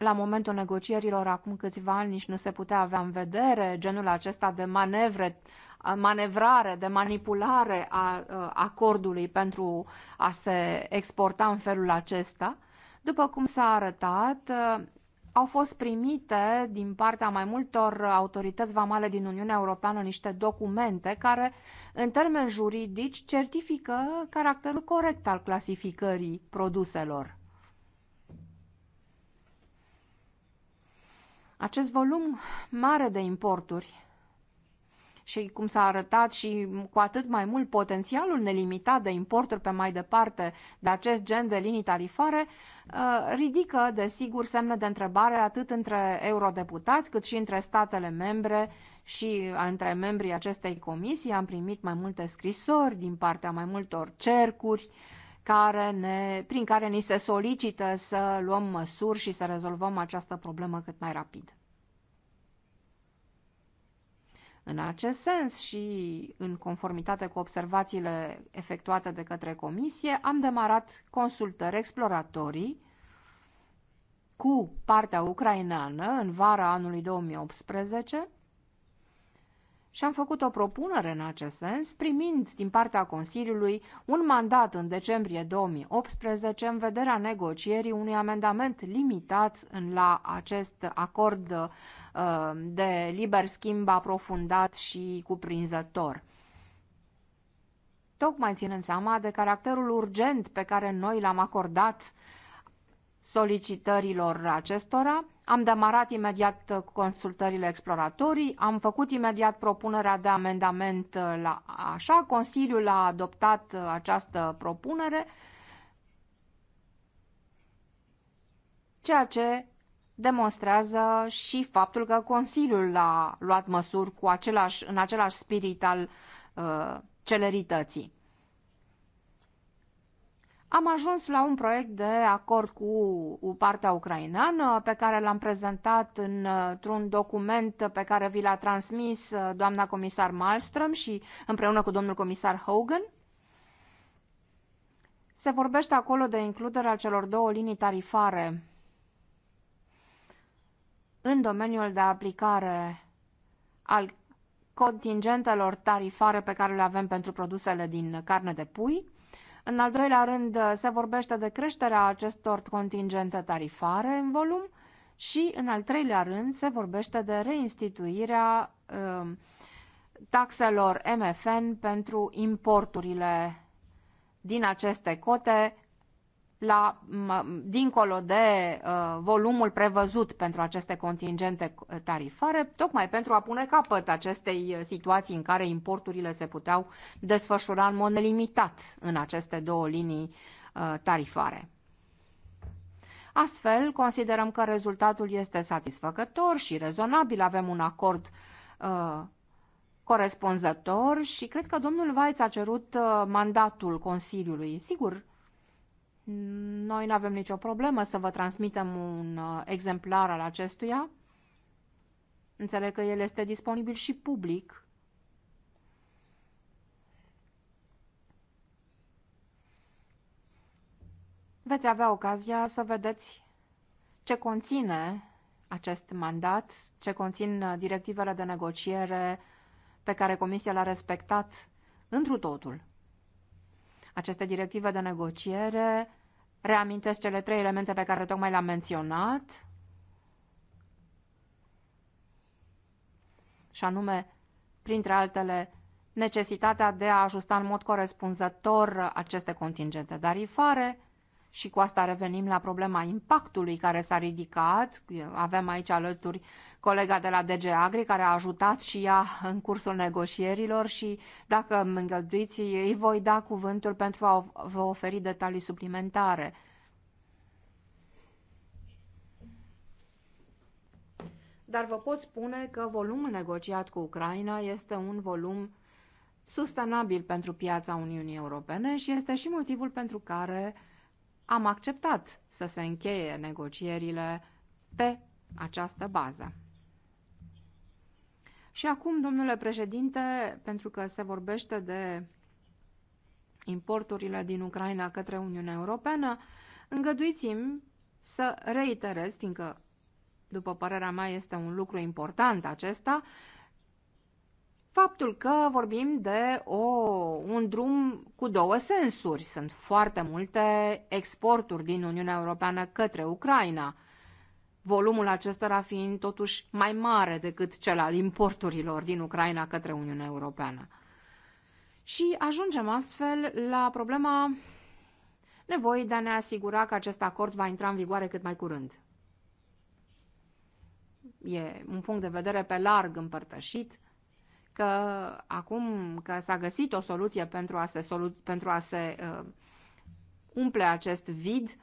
la momentul negocierilor acum câțiva ani nici nu se putea avea în vedere genul acesta de manevre, manevrare, de manipulare a acordului pentru a se exporta în felul acesta. După cum s-a arătat, au fost primite din partea mai multor autorități vamale din Uniunea Europeană niște documente care, în termeni juridici, certifică caracterul corect al clasificării produselor. Acest volum mare de importuri și cum s-a arătat și cu atât mai mult potențialul nelimitat de importuri pe mai departe de acest gen de linii tarifare, uh, ridică, desigur, semne de întrebare atât între eurodeputați cât și între statele membre și uh, între membrii acestei comisii. Am primit mai multe scrisori din partea mai multor cercuri, uh, care ne, prin care ni se solicită să luăm măsuri și să rezolvăm această problemă cât mai rapid. În acest sens și în conformitate cu observațiile efectuate de către comisie, am demarat consultări exploratorii cu partea ucraineană în vara anului 2018 și am făcut o propunere în acest sens, primind din partea Consiliului un mandat în decembrie 2018 în vederea negocierii unui amendament limitat la acest acord uh, de liber schimb aprofundat și cuprinzător. Tocmai ținând seama de caracterul urgent pe care noi l-am acordat solicitărilor acestora, am demarat imediat uh, consultările exploratorii, am făcut imediat propunerea de amendament uh, la așa, Consiliul a adoptat uh, această propunere, ceea ce demonstrează și faptul că Consiliul a luat măsuri cu același, în același spirit al uh, celerității am ajuns la un proiect de acord cu partea ucraineană pe care l-am prezentat într-un document pe care vi l-a transmis uh, doamna comisar Malmström și împreună cu domnul comisar Hogan. Se vorbește acolo de includerea celor două linii tarifare în domeniul de aplicare al contingentelor tarifare pe care le avem pentru produsele din carne de pui, în al doilea rând, uh, se vorbește de creșterea acestor contingente tarifare în volum și, în al treilea rând, se vorbește de reinstituirea uh, taxelor MFN pentru importurile din aceste cote la, dincolo de uh, volumul prevăzut pentru aceste contingente tarifare, tocmai pentru a pune capăt acestei uh, situații în care importurile se puteau desfășura în mod nelimitat în aceste două linii uh, tarifare. Astfel, considerăm că rezultatul este satisfăcător și rezonabil, avem un acord uh, corespunzător și cred că domnul Vaiț a cerut uh, mandatul Consiliului. Sigur, noi nu avem nicio problemă să vă transmitem un uh, exemplar al acestuia. Înțeleg că el este disponibil și public. Veți avea ocazia să vedeți ce conține acest mandat, ce conțin uh, directivele de negociere pe care Comisia l-a respectat întru totul. Aceste directive de negociere reamintesc cele trei elemente pe care tocmai le-am menționat, și anume, printre altele, necesitatea de a ajusta în mod corespunzător aceste contingente tarifare, și cu asta revenim la problema impactului care s-a ridicat. Avem aici alături colega de la DG Agri care a ajutat și ea în cursul negocierilor și dacă îmi îngăduiți, îi voi da cuvântul pentru a vă oferi detalii suplimentare. Dar vă pot spune că volumul negociat cu Ucraina este un volum sustenabil pentru piața Uniunii Europene și este și motivul pentru care uh, am acceptat să se încheie negocierile pe această bază. Și acum, domnule președinte, pentru că se vorbește de importurile din Ucraina către Uniunea Europeană, îngăduiți-mi să reiterez, fiindcă, după părerea mea, este un lucru important acesta, faptul că vorbim de o, un drum cu două sensuri. Sunt foarte multe exporturi din Uniunea Europeană către Ucraina, volumul acestora fiind totuși mai mare decât cel al importurilor din Ucraina către Uniunea Europeană. Și ajungem astfel la problema nevoii de a ne asigura că acest acord va intra în vigoare cât mai curând. E un punct de vedere pe larg împărtășit, că acum că s-a găsit o soluție pentru a se, solu- pentru a se uh, umple acest vid,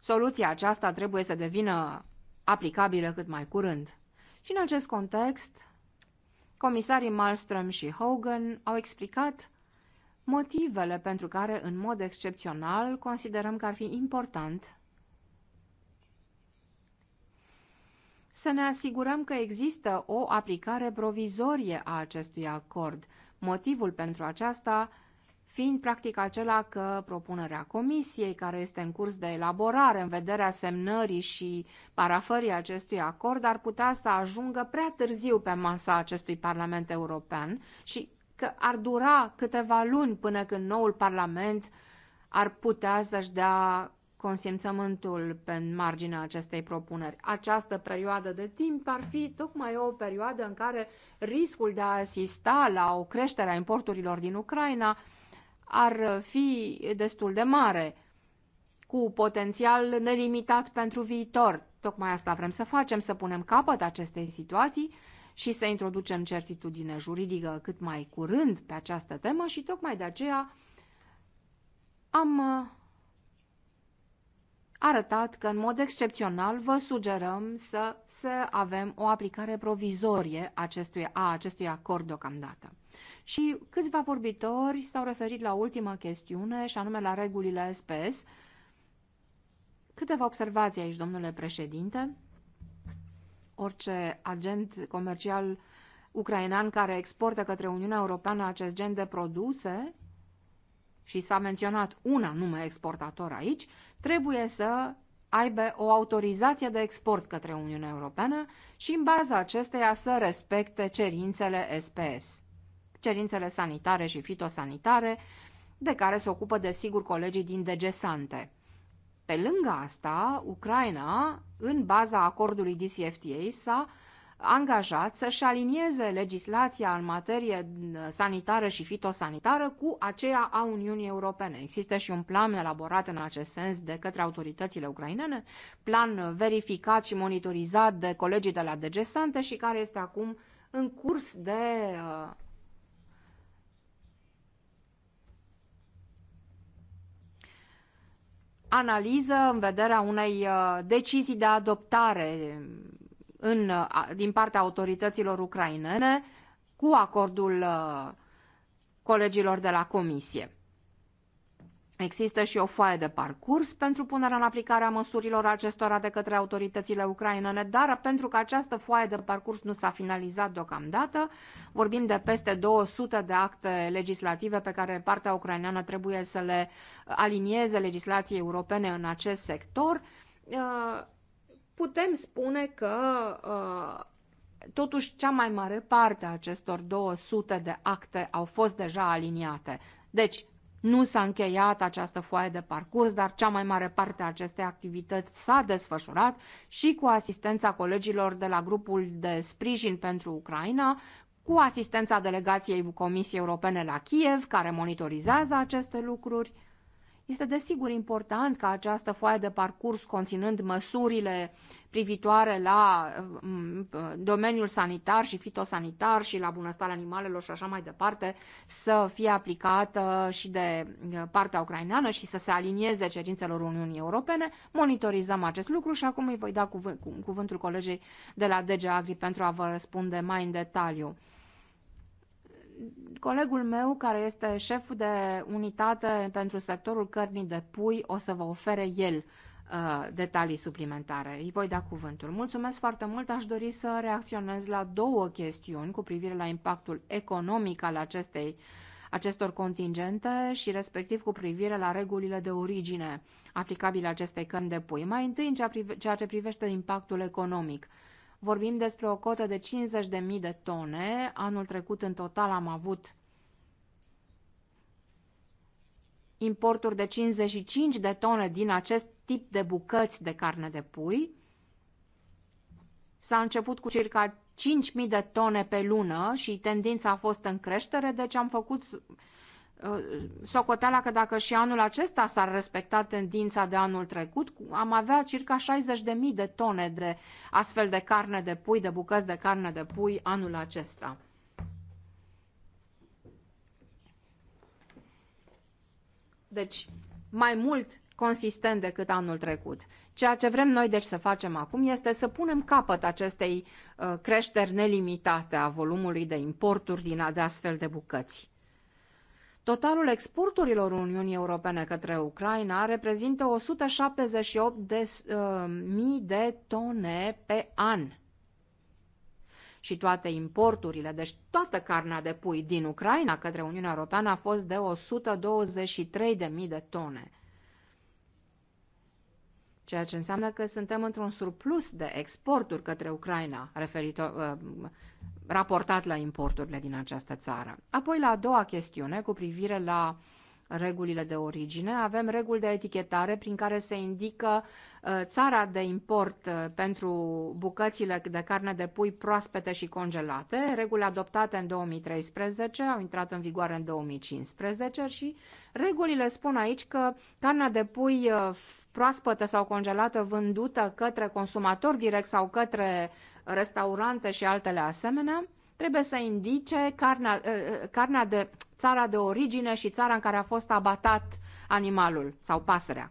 soluția aceasta trebuie să devină aplicabilă cât mai curând. Și în acest context, comisarii Malmström și Hogan au explicat motivele pentru care, în mod excepțional, considerăm că ar fi important să ne asigurăm că există o aplicare provizorie a acestui acord, motivul pentru aceasta fiind practic acela că propunerea comisiei, care este în curs de elaborare în vederea semnării și parafării acestui acord, ar putea să ajungă prea târziu pe masa acestui Parlament European și că ar dura câteva luni până când noul Parlament ar putea să-și dea consimțământul pe marginea acestei propuneri. Această perioadă de timp ar fi tocmai o perioadă în care riscul de a asista la o creștere a importurilor din Ucraina ar fi destul de mare, cu potențial nelimitat pentru viitor. Tocmai asta vrem să facem, să punem capăt acestei situații și să introducem certitudine juridică cât mai curând pe această temă și tocmai de aceea am arătat că în mod excepțional vă sugerăm să, să avem o aplicare provizorie acestui, a acestui acord deocamdată. Și câțiva vorbitori s-au referit la ultima chestiune și anume la regulile SPS. Câteva observații aici, domnule președinte. Orice agent comercial ucrainean care exportă către Uniunea Europeană acest gen de produse și s-a menționat un anume exportator aici, trebuie să aibă o autorizație de export către Uniunea Europeană și în baza acesteia să respecte cerințele SPS, cerințele sanitare și fitosanitare, de care se ocupă desigur colegii din Degesante. Pe lângă asta, Ucraina, în baza acordului DCFTA, s-a angajat să-și alinieze legislația în materie uh, sanitară și fitosanitară cu aceea a Uniunii Europene. Există și un plan elaborat în acest sens de către autoritățile ucrainene, plan verificat și monitorizat de colegii de la DG Sante și care este acum în curs de uh, analiză în vederea unei uh, decizii de adoptare în, din partea autorităților ucrainene cu acordul colegilor de la comisie. Există și o foaie de parcurs pentru punerea în aplicare a măsurilor acestora de către autoritățile ucrainene, dar pentru că această foaie de parcurs nu s-a finalizat deocamdată, vorbim de peste 200 de acte legislative pe care partea ucraineană trebuie să le alinieze legislației europene în acest sector. Uh, putem spune că uh, totuși cea mai mare parte a acestor 200 de acte au fost deja aliniate. Deci, nu s-a încheiat această foaie de parcurs, dar cea mai mare parte a acestei activități s-a desfășurat și cu asistența colegilor de la grupul de sprijin pentru Ucraina, cu asistența delegației Comisiei Europene la Kiev, care monitorizează aceste lucruri este desigur important ca această foaie de parcurs conținând măsurile privitoare la mm, domeniul sanitar și fitosanitar și la bunăstarea animalelor și așa mai departe să fie aplicată și de uh, partea ucraineană și să se alinieze cerințelor Uniunii Europene. Monitorizăm acest lucru și acum îi voi da cuvânt, cuvântul colegei de la DG Agri pentru a vă răspunde mai în detaliu. Colegul meu, care este șeful de unitate pentru sectorul cărnii de pui, o să vă ofere el uh, detalii suplimentare. Îi voi da cuvântul. Mulțumesc foarte mult. Aș dori să reacționez la două chestiuni cu privire la impactul economic al acestei acestor contingente și respectiv cu privire la regulile de origine aplicabile acestei cărni de pui. Mai întâi în ceea ce privește impactul economic. Vorbim despre o cotă de 50.000 de tone. Anul trecut, în total, am avut importuri de 55 de tone din acest tip de bucăți de carne de pui. S-a început cu circa 5.000 de tone pe lună și tendința a fost în creștere, deci am făcut Uh, socoteala că dacă și anul acesta s-ar respecta tendința de anul trecut, am avea circa 60.000 de tone de astfel de carne de pui, de bucăți de carne de pui anul acesta. Deci, mai mult consistent decât anul trecut. Ceea ce vrem noi deci să facem acum este să punem capăt acestei uh, creșteri nelimitate a volumului de importuri din de astfel de bucăți. Totalul exporturilor Uniunii Europene către Ucraina reprezintă 178 de, uh, mii de tone pe an. Și toate importurile, deci toată carnea de pui din Ucraina către Uniunea Europeană a fost de 123 de mii de tone ceea ce înseamnă că suntem într-un surplus de exporturi către Ucraina, referitor, uh, raportat la importurile din această țară. Apoi, la a doua chestiune, cu privire la regulile de origine, avem reguli de etichetare prin care se indică uh, țara de import uh, pentru bucățile de carne de pui proaspete și congelate, reguli adoptate în 2013, au intrat în vigoare în 2015 și regulile spun aici că carnea de pui proaspătă sau congelată vândută către consumator direct sau către restaurante și altele asemenea, trebuie să indice carnea, ă, ă, carnea de țara de origine și țara în care a fost abatat animalul sau pasărea.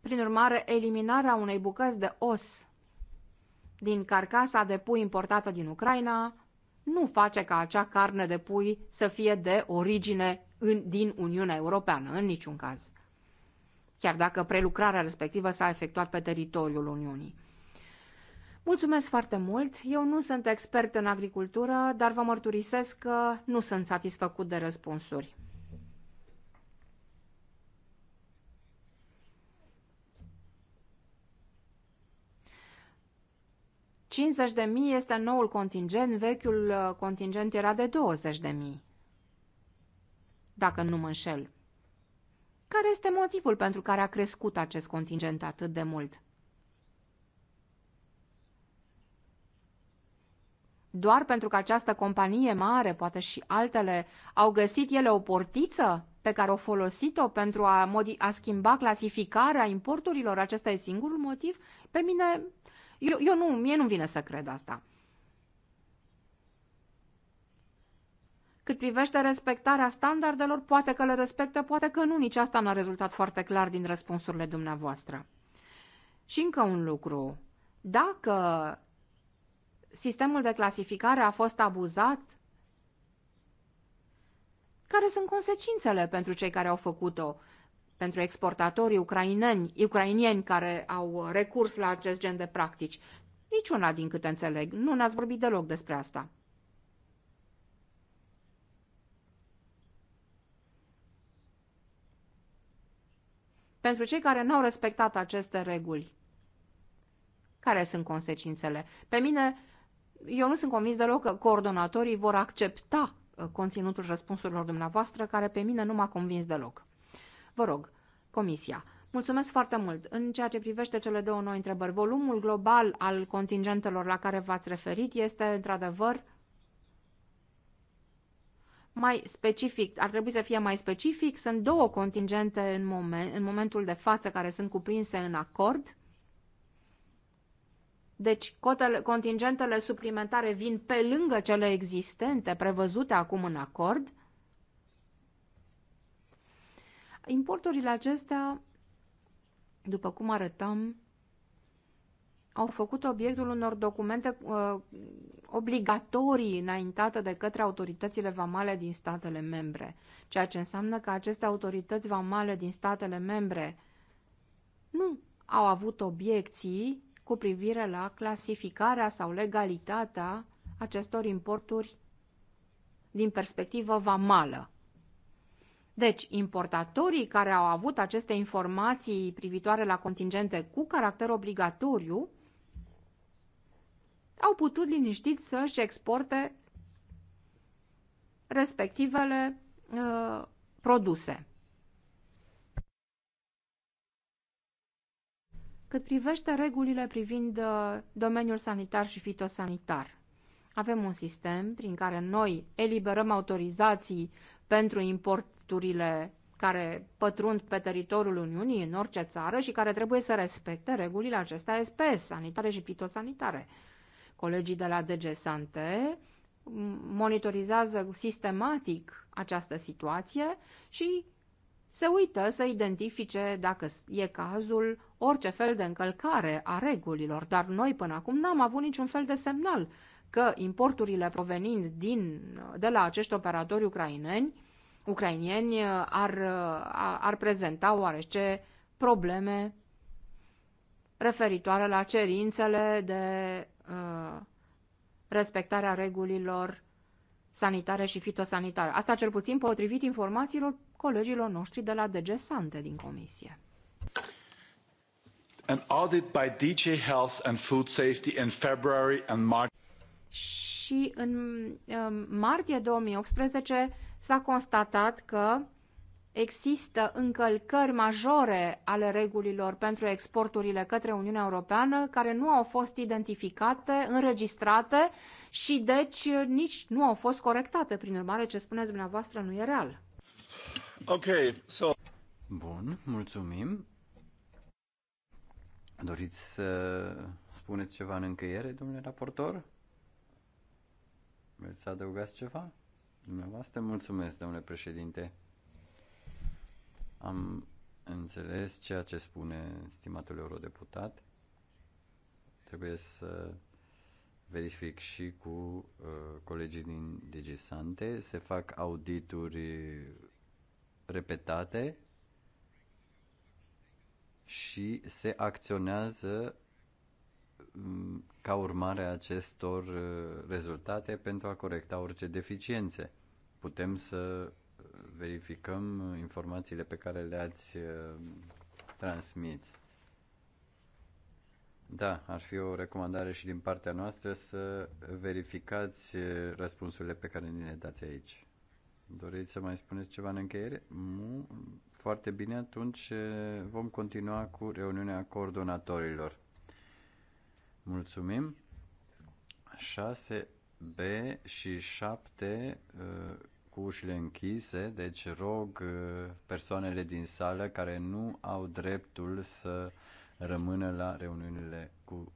Prin urmare, eliminarea unei bucăți de os din carcasa de pui importată din Ucraina nu face ca acea carne de pui să fie de origine în, din Uniunea Europeană, în niciun caz, chiar dacă prelucrarea respectivă s-a efectuat pe teritoriul Uniunii. Mulțumesc foarte mult! Eu nu sunt expert în agricultură, dar vă mărturisesc că nu sunt satisfăcut de răspunsuri. 50.000 este noul contingent, vechiul uh, contingent era de 20.000, dacă nu mă înșel. Care este motivul pentru care a crescut acest contingent atât de mult? Doar pentru că această companie mare, poate și altele, au găsit ele o portiță pe care o folosit-o pentru a, a schimba clasificarea importurilor? Acesta e singurul motiv? Pe mine eu, eu nu, mie nu vine să cred asta. Cât privește respectarea standardelor, poate că le respectă, poate că nu, nici asta n-a rezultat foarte clar din răspunsurile dumneavoastră. Și încă un lucru. Dacă sistemul de clasificare a fost abuzat, care sunt consecințele pentru cei care au făcut-o? pentru exportatorii ucraineni, ucrainieni care au recurs la acest gen de practici. Niciuna din câte înțeleg. Nu ne-ați vorbit deloc despre asta. Pentru cei care n-au respectat aceste reguli, care sunt consecințele? Pe mine, eu nu sunt convins deloc că coordonatorii vor accepta uh, conținutul răspunsurilor dumneavoastră, care pe mine nu m-a convins deloc. Vă rog, Comisia. Mulțumesc foarte mult. În ceea ce privește cele două noi întrebări, volumul global al contingentelor la care v-ați referit este, într-adevăr, mai specific, ar trebui să fie mai specific, sunt două contingente în, moment, în momentul de față care sunt cuprinse în acord. Deci, cotele, contingentele suplimentare vin pe lângă cele existente, prevăzute acum în acord, Importurile acestea, după cum arătăm, au făcut obiectul unor documente uh, obligatorii înaintate de către autoritățile vamale din statele membre, ceea ce înseamnă că aceste autorități vamale din statele membre nu au avut obiecții cu privire la clasificarea sau legalitatea acestor importuri din perspectivă vamală. Deci, importatorii care au avut aceste informații privitoare la contingente cu caracter obligatoriu au putut liniștiți să-și exporte respectivele uh, produse. Cât privește regulile privind uh, domeniul sanitar și fitosanitar, avem un sistem prin care noi eliberăm autorizații pentru import drepturile care pătrund pe teritoriul Uniunii în orice țară și care trebuie să respecte regulile acestea SPS, sanitare și fitosanitare. Colegii de la DG Sante monitorizează sistematic această situație și se uită să identifice, dacă e cazul, orice fel de încălcare a regulilor, dar noi până acum n-am avut niciun fel de semnal că importurile provenind din, de la acești operatori ucraineni ucrainieni uh, ar, uh, ar prezenta oarece probleme referitoare la cerințele de uh, respectarea regulilor sanitare și fitosanitare. Asta cel puțin potrivit informațiilor colegilor noștri de la DG Sante din comisie. An audit by DG Health and Food Safety in February and March. Și în uh, martie 2018 s-a constatat că există încălcări majore ale regulilor pentru exporturile către Uniunea Europeană care nu au fost identificate, înregistrate și deci nici nu au fost corectate. Prin urmare, ce spuneți dumneavoastră nu e real. Ok, so... Bun, mulțumim. Doriți să spuneți ceva în încheiere, domnule raportor? Vreți să adăugați ceva? Dumneavoastră, mulțumesc, domnule președinte. Am înțeles ceea ce spune stimatul eurodeputat. Trebuie să verific și cu uh, colegii din Digisante. Se fac audituri repetate și se acționează ca urmare a acestor uh, rezultate pentru a corecta orice deficiențe. Putem să uh, verificăm informațiile pe care le-ați uh, transmis. Da, ar fi o recomandare și din partea noastră să verificați răspunsurile pe care ni le dați aici. Doriți să mai spuneți ceva în încheiere? Nu? Foarte bine, atunci vom continua cu reuniunea coordonatorilor. Mulțumim. 6B și 7 uh, cu ușile închise, deci rog uh, persoanele din sală care nu au dreptul să rămână la reuniunile cu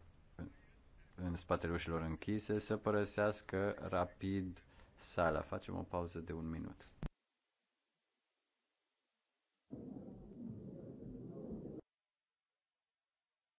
în spatele ușilor închise să părăsească rapid sala. Facem o pauză de un minut.